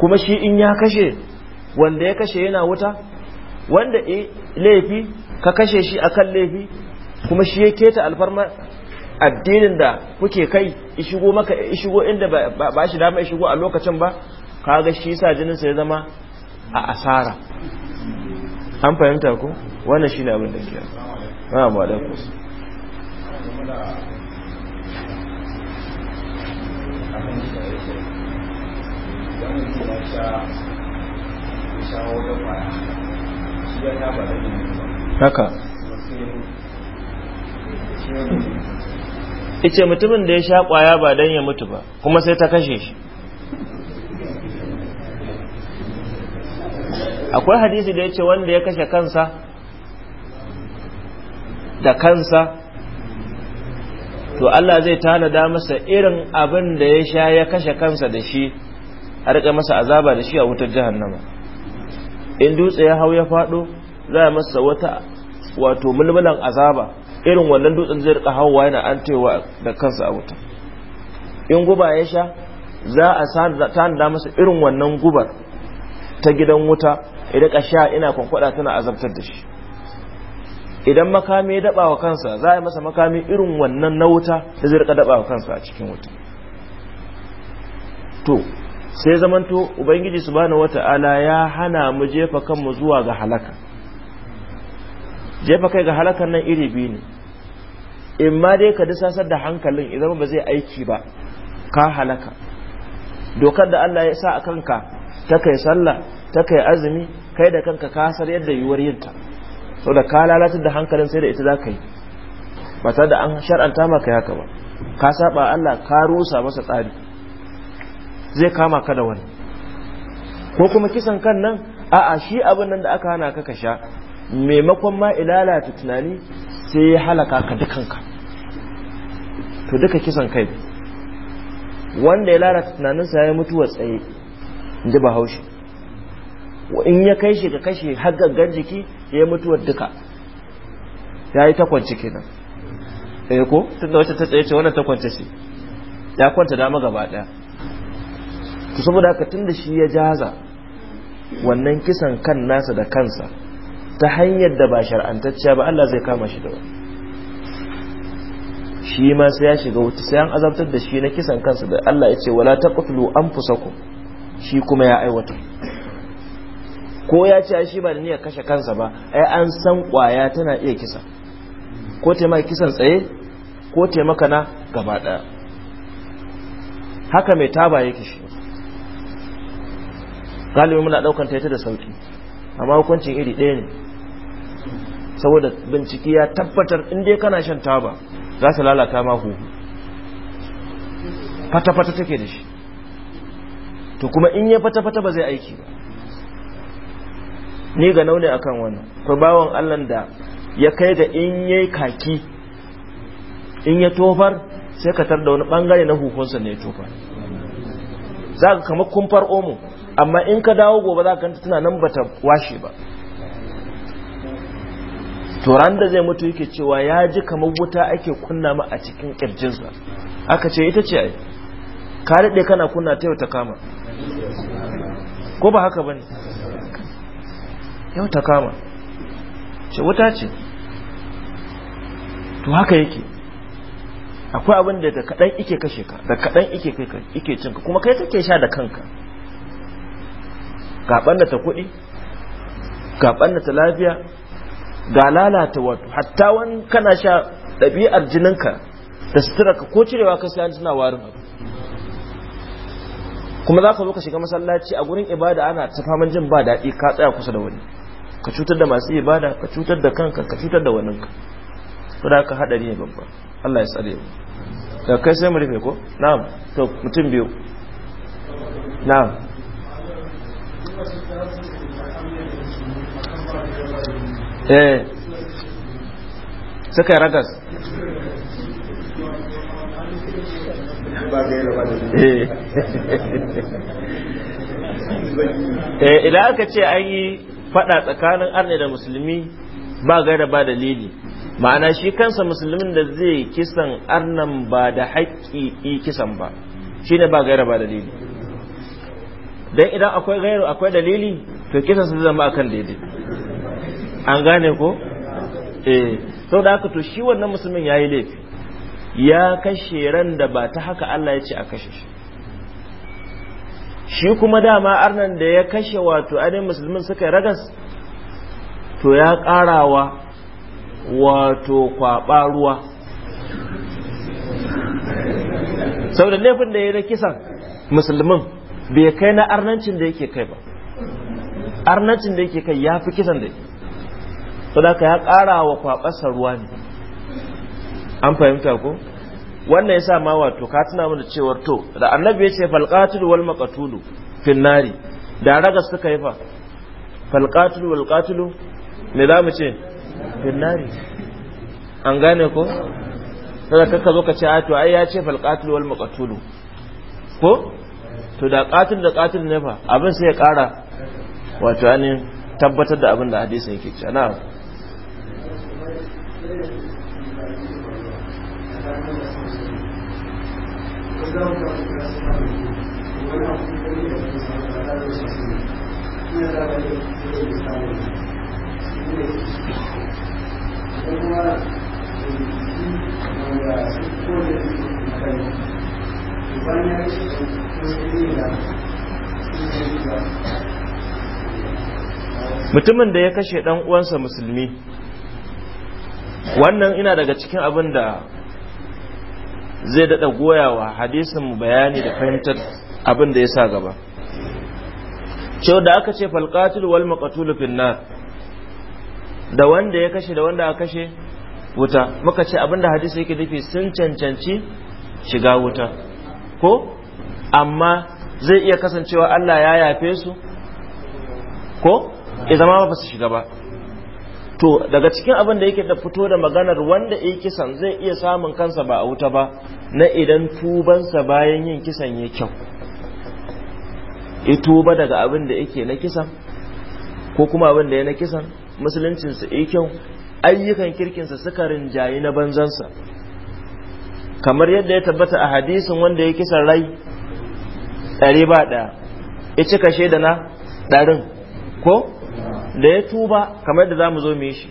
[SPEAKER 1] kuma shi in ya kashe wanda ya kashe yana wuta wanda laifi ka kashe shi akan laifi kuma shi ya keta alfarma addinin da kuke kai ishigo maka ishigo inda ba shi dama ishigo a lokacin ba kaga shi sa ya zama a asara an fahimta ku wannan shi ne abin da ke na ba da ku haka ice mutumin da ya sha kwaya ba don ya mutu ba kuma sai ta kashe shi akwai hadisi da ya ce wanda ya kashe kansa da kansa to Allah zai tanada masa irin abin da ya sha ya kashe kansa da shi a rika masa azaba da shi a wutar nama. in dutse ya hau ya fado za a masa wata wato mulmulan azaba irin wannan dutsen zai rika hawa yana da kansa a wuta in guba ya sha za a tanada masa irin wannan gubar ta gidan wuta idan ka sha ina kwankwada tana azabtar da shi idan makami ya daba wa kansa za a masa makami irin wannan na wuta da zai rika daba wa kansa a cikin wuta to sai zamanto ubangiji subhanahu wata'ala ya hana mu jefa kanmu zuwa ga halaka jefa kai ga halakan nan iri biyu ne in ma dai ka disasar da hankalin idan ba zai aiki ba ka halaka dokar da Allah ya sa a kanka ta kai sallah ta kai azumi kai da kanka ka sar yadda yiwuwar yinta sau da ka lalatar da hankalin sai da ita za ka yi ba tare da an shar'anta maka yaka ba ka saba Allah ka rusa masa tsari zai kama ka da wani ko kuma kisan kan nan a'a shi abin nan da aka hana ka ka sha maimakon ma ilalata tunani sai ya halaka ka dukanka to duka kisan kai wanda ya lalata tunaninsa ya mutuwa tsaye inda ba haushi in ya kai shi ka kashe hagaggar jiki ya mutuwar duka ya yi takwanci kenan ɗaya eh ko tun da wacce ta tsaye ce wannan takwanci shi ya kwanta dama gaba ɗaya to saboda haka tun da shi ya jaza wannan kisan kan nasa da kansa ta hanyar da ba shar'antacciya ba Allah zai kama shi da wani shi ma sai ya shiga wuta sai an azabtar da shi na kisan kansa da Allah ya ce wala taqtulu anfusakum shi kuma ya aiwata ko ya ce shi ba da niyyar kashe kansa ba ai an san kwaya tana iya kisa ko taimaka kisan tsaye ko taimaka na gaba daya haka mai taba yake shi galibi muna daukan ta da sauki amma hukuncin iri ɗaya ne saboda bincike ya tabbatar inda ya kana shan taba za su lalata ma huhu fata-fata take da shi to kuma in ya fata-fata ba zai aiki ba ni ga naune akan wannan ko bawon Allah da ya kai da in kaki in ya tofar sai ka tar da wani bangare na hukunsa ne ya tofar za ka kama kumfar omo amma in ka dawo gobe za ka kanta tana nan bata washe ba to ran da zai mutu yake cewa ya ji kamar wuta ake kunna ma a cikin kirjinsa aka ce ita ce ai ka daɗe kana kunna ta yau ta kama ko ba haka bane yau ta kama ce wuta ce to haka yake akwai abin da da kaɗan ike kashe ka da kaɗan ike kai ka ike cin ka kuma kai take sha da kanka ga ɓannata kuɗi ga ta lafiya ga lalata wato hatta wani kana sha ɗabi'ar jininka da ka ko cirewa ka sai suna warin abu kuma za ka zo ka shiga masallaci a gurin ibada ana ta faman jin ba daɗi ka tsaya kusa da wani ka cutar da masu ibada ka cutar da kanka ka cutar da waninka to da ka haɗari ne babba Allah ya tsare mu da kai sai mu rufe ko na'am to mutum biyu na'am eh suka ragas eh. eh idan aka ce an yi fada tsakanin arne da musulmi ba gaira ba dalili ma'ana shi kansa musulmin da zai kisan arnan ba da haƙƙi kisan ba shi ne ba gaira ba dalili don idan akwai gairu akwai dalili to kisan su zama akan daidai an gane ko eh sau da haka to shi wannan musulmin ya yi laifi ya kashe ran da ba ta haka Allah ya ce a kashe shi shi kuma dama arnan da ya kashe wato adin musulmin suka yi ragas to ya karawa wato kwaba ruwa sau da laifin da ya na kisan musulmin bai kai na arnancin da yake kai ba arnancin da yake kai ya fi kisan da yake ka ya ƙara wa kwabarsa ruwa ne an fahimta ko wannan yasa ma wato ka tuna mana cewar to da annabi ya ce falqatul wal maqtulu fil nari da raga suka yi fa falqatul wal qatilu me za mu ce fil nari an gane ko sai ka zo ka ce a to ai ya ce falqatul wal maqtulu ko to da qatul da qatul ne fa abin sai ya kara wato anin tabbatar da abin da hadisin yake cewa na'am mutumin da ya kashe dan uwansa musulmi wannan ina daga cikin abin da zai daɗa wa hadisin bayani da fahimtar abin da ya sa gaba cewa da aka ce falƙatul wal maƙatul finnar da wanda ya kashe da wanda aka kashe wuta muka ce abin da hadisun yake nufi sun cancanci shiga wuta ko amma zai iya kasancewa Allah ya yafe su ko ya zama ba su shiga ba to daga cikin abin da yake da fito da maganar wanda ya kisan zai iya samun kansa ba a wuta ba na idan tubansa bayan yin kisan ya kyau ya tuba daga abin da yake na kisan ko kuma abin da ya na kisan musuluncinsa ya kyau ayyukan kirkinsa suka rinjayi na banzansa kamar yadda ya tabbata a hadisin wanda ya kisan rai ɗari ba ɗaya ya cika shaida na ɗarin ko da ya tuba kamar da za mu zo mu yi shi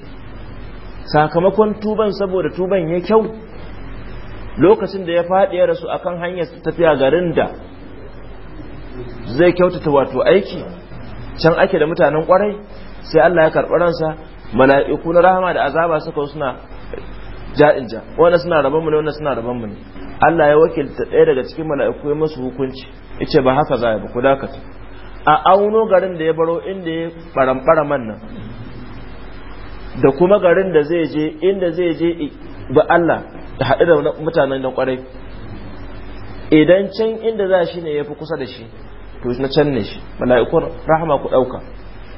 [SPEAKER 1] sakamakon tuban saboda tuban ya kyau lokacin da ya faɗi ya rasu a kan hanyar tafiya garin da zai kyautata wato aiki can ake da mutanen kwarai sai Allah ya karɓi ransa mala'iku na rahama da azaba suka suna ja'inja wanda suna rabon mu ne wanda suna rabon mu ne Allah ya wakilta ɗaya daga cikin mala'iku ya musu hukunci yace ba haka za ba ku dakata a auno garin da ya baro inda ya ɓaramɓaraman nan da kuma garin da zai je inda zai je ba Allah da haɗu da mutanen da kwarai idan can inda za shi ne ya fi kusa da shi to na can ne shi mala'ikun rahama ku ɗauka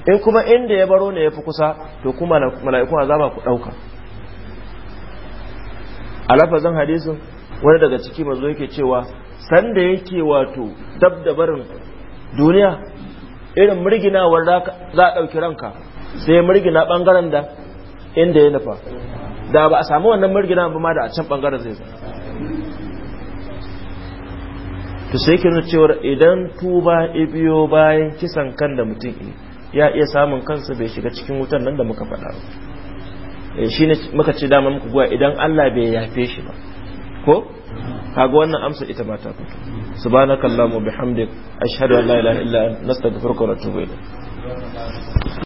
[SPEAKER 1] in kuma inda ya baro ne ya fi kusa to kuma mala'ikun azaba ku ɗauka a lafazin hadisin wani daga ciki mazo yake cewa sanda yake wato dab da barin duniya irin mirginawar za a ɗauki ranka sai murgina ɓangaren da inda ya nufa da ba a samu wannan murgina ba ma da a can ɓangaren zai zai sai ke nuna cewar idan tuba ibiyo bayan kisan kan da mutum ya iya samun kansa bai shiga cikin wutan nan da muka faɗa eh, shi ne muka ce dama muka guwa idan Allah bai yafe shi ba ko kaga wannan amsa ita ba ta fito subhanakallahumma bihamdik ashhadu an la ilaha illa anta astaghfiruka wa atubu
[SPEAKER 2] ilayk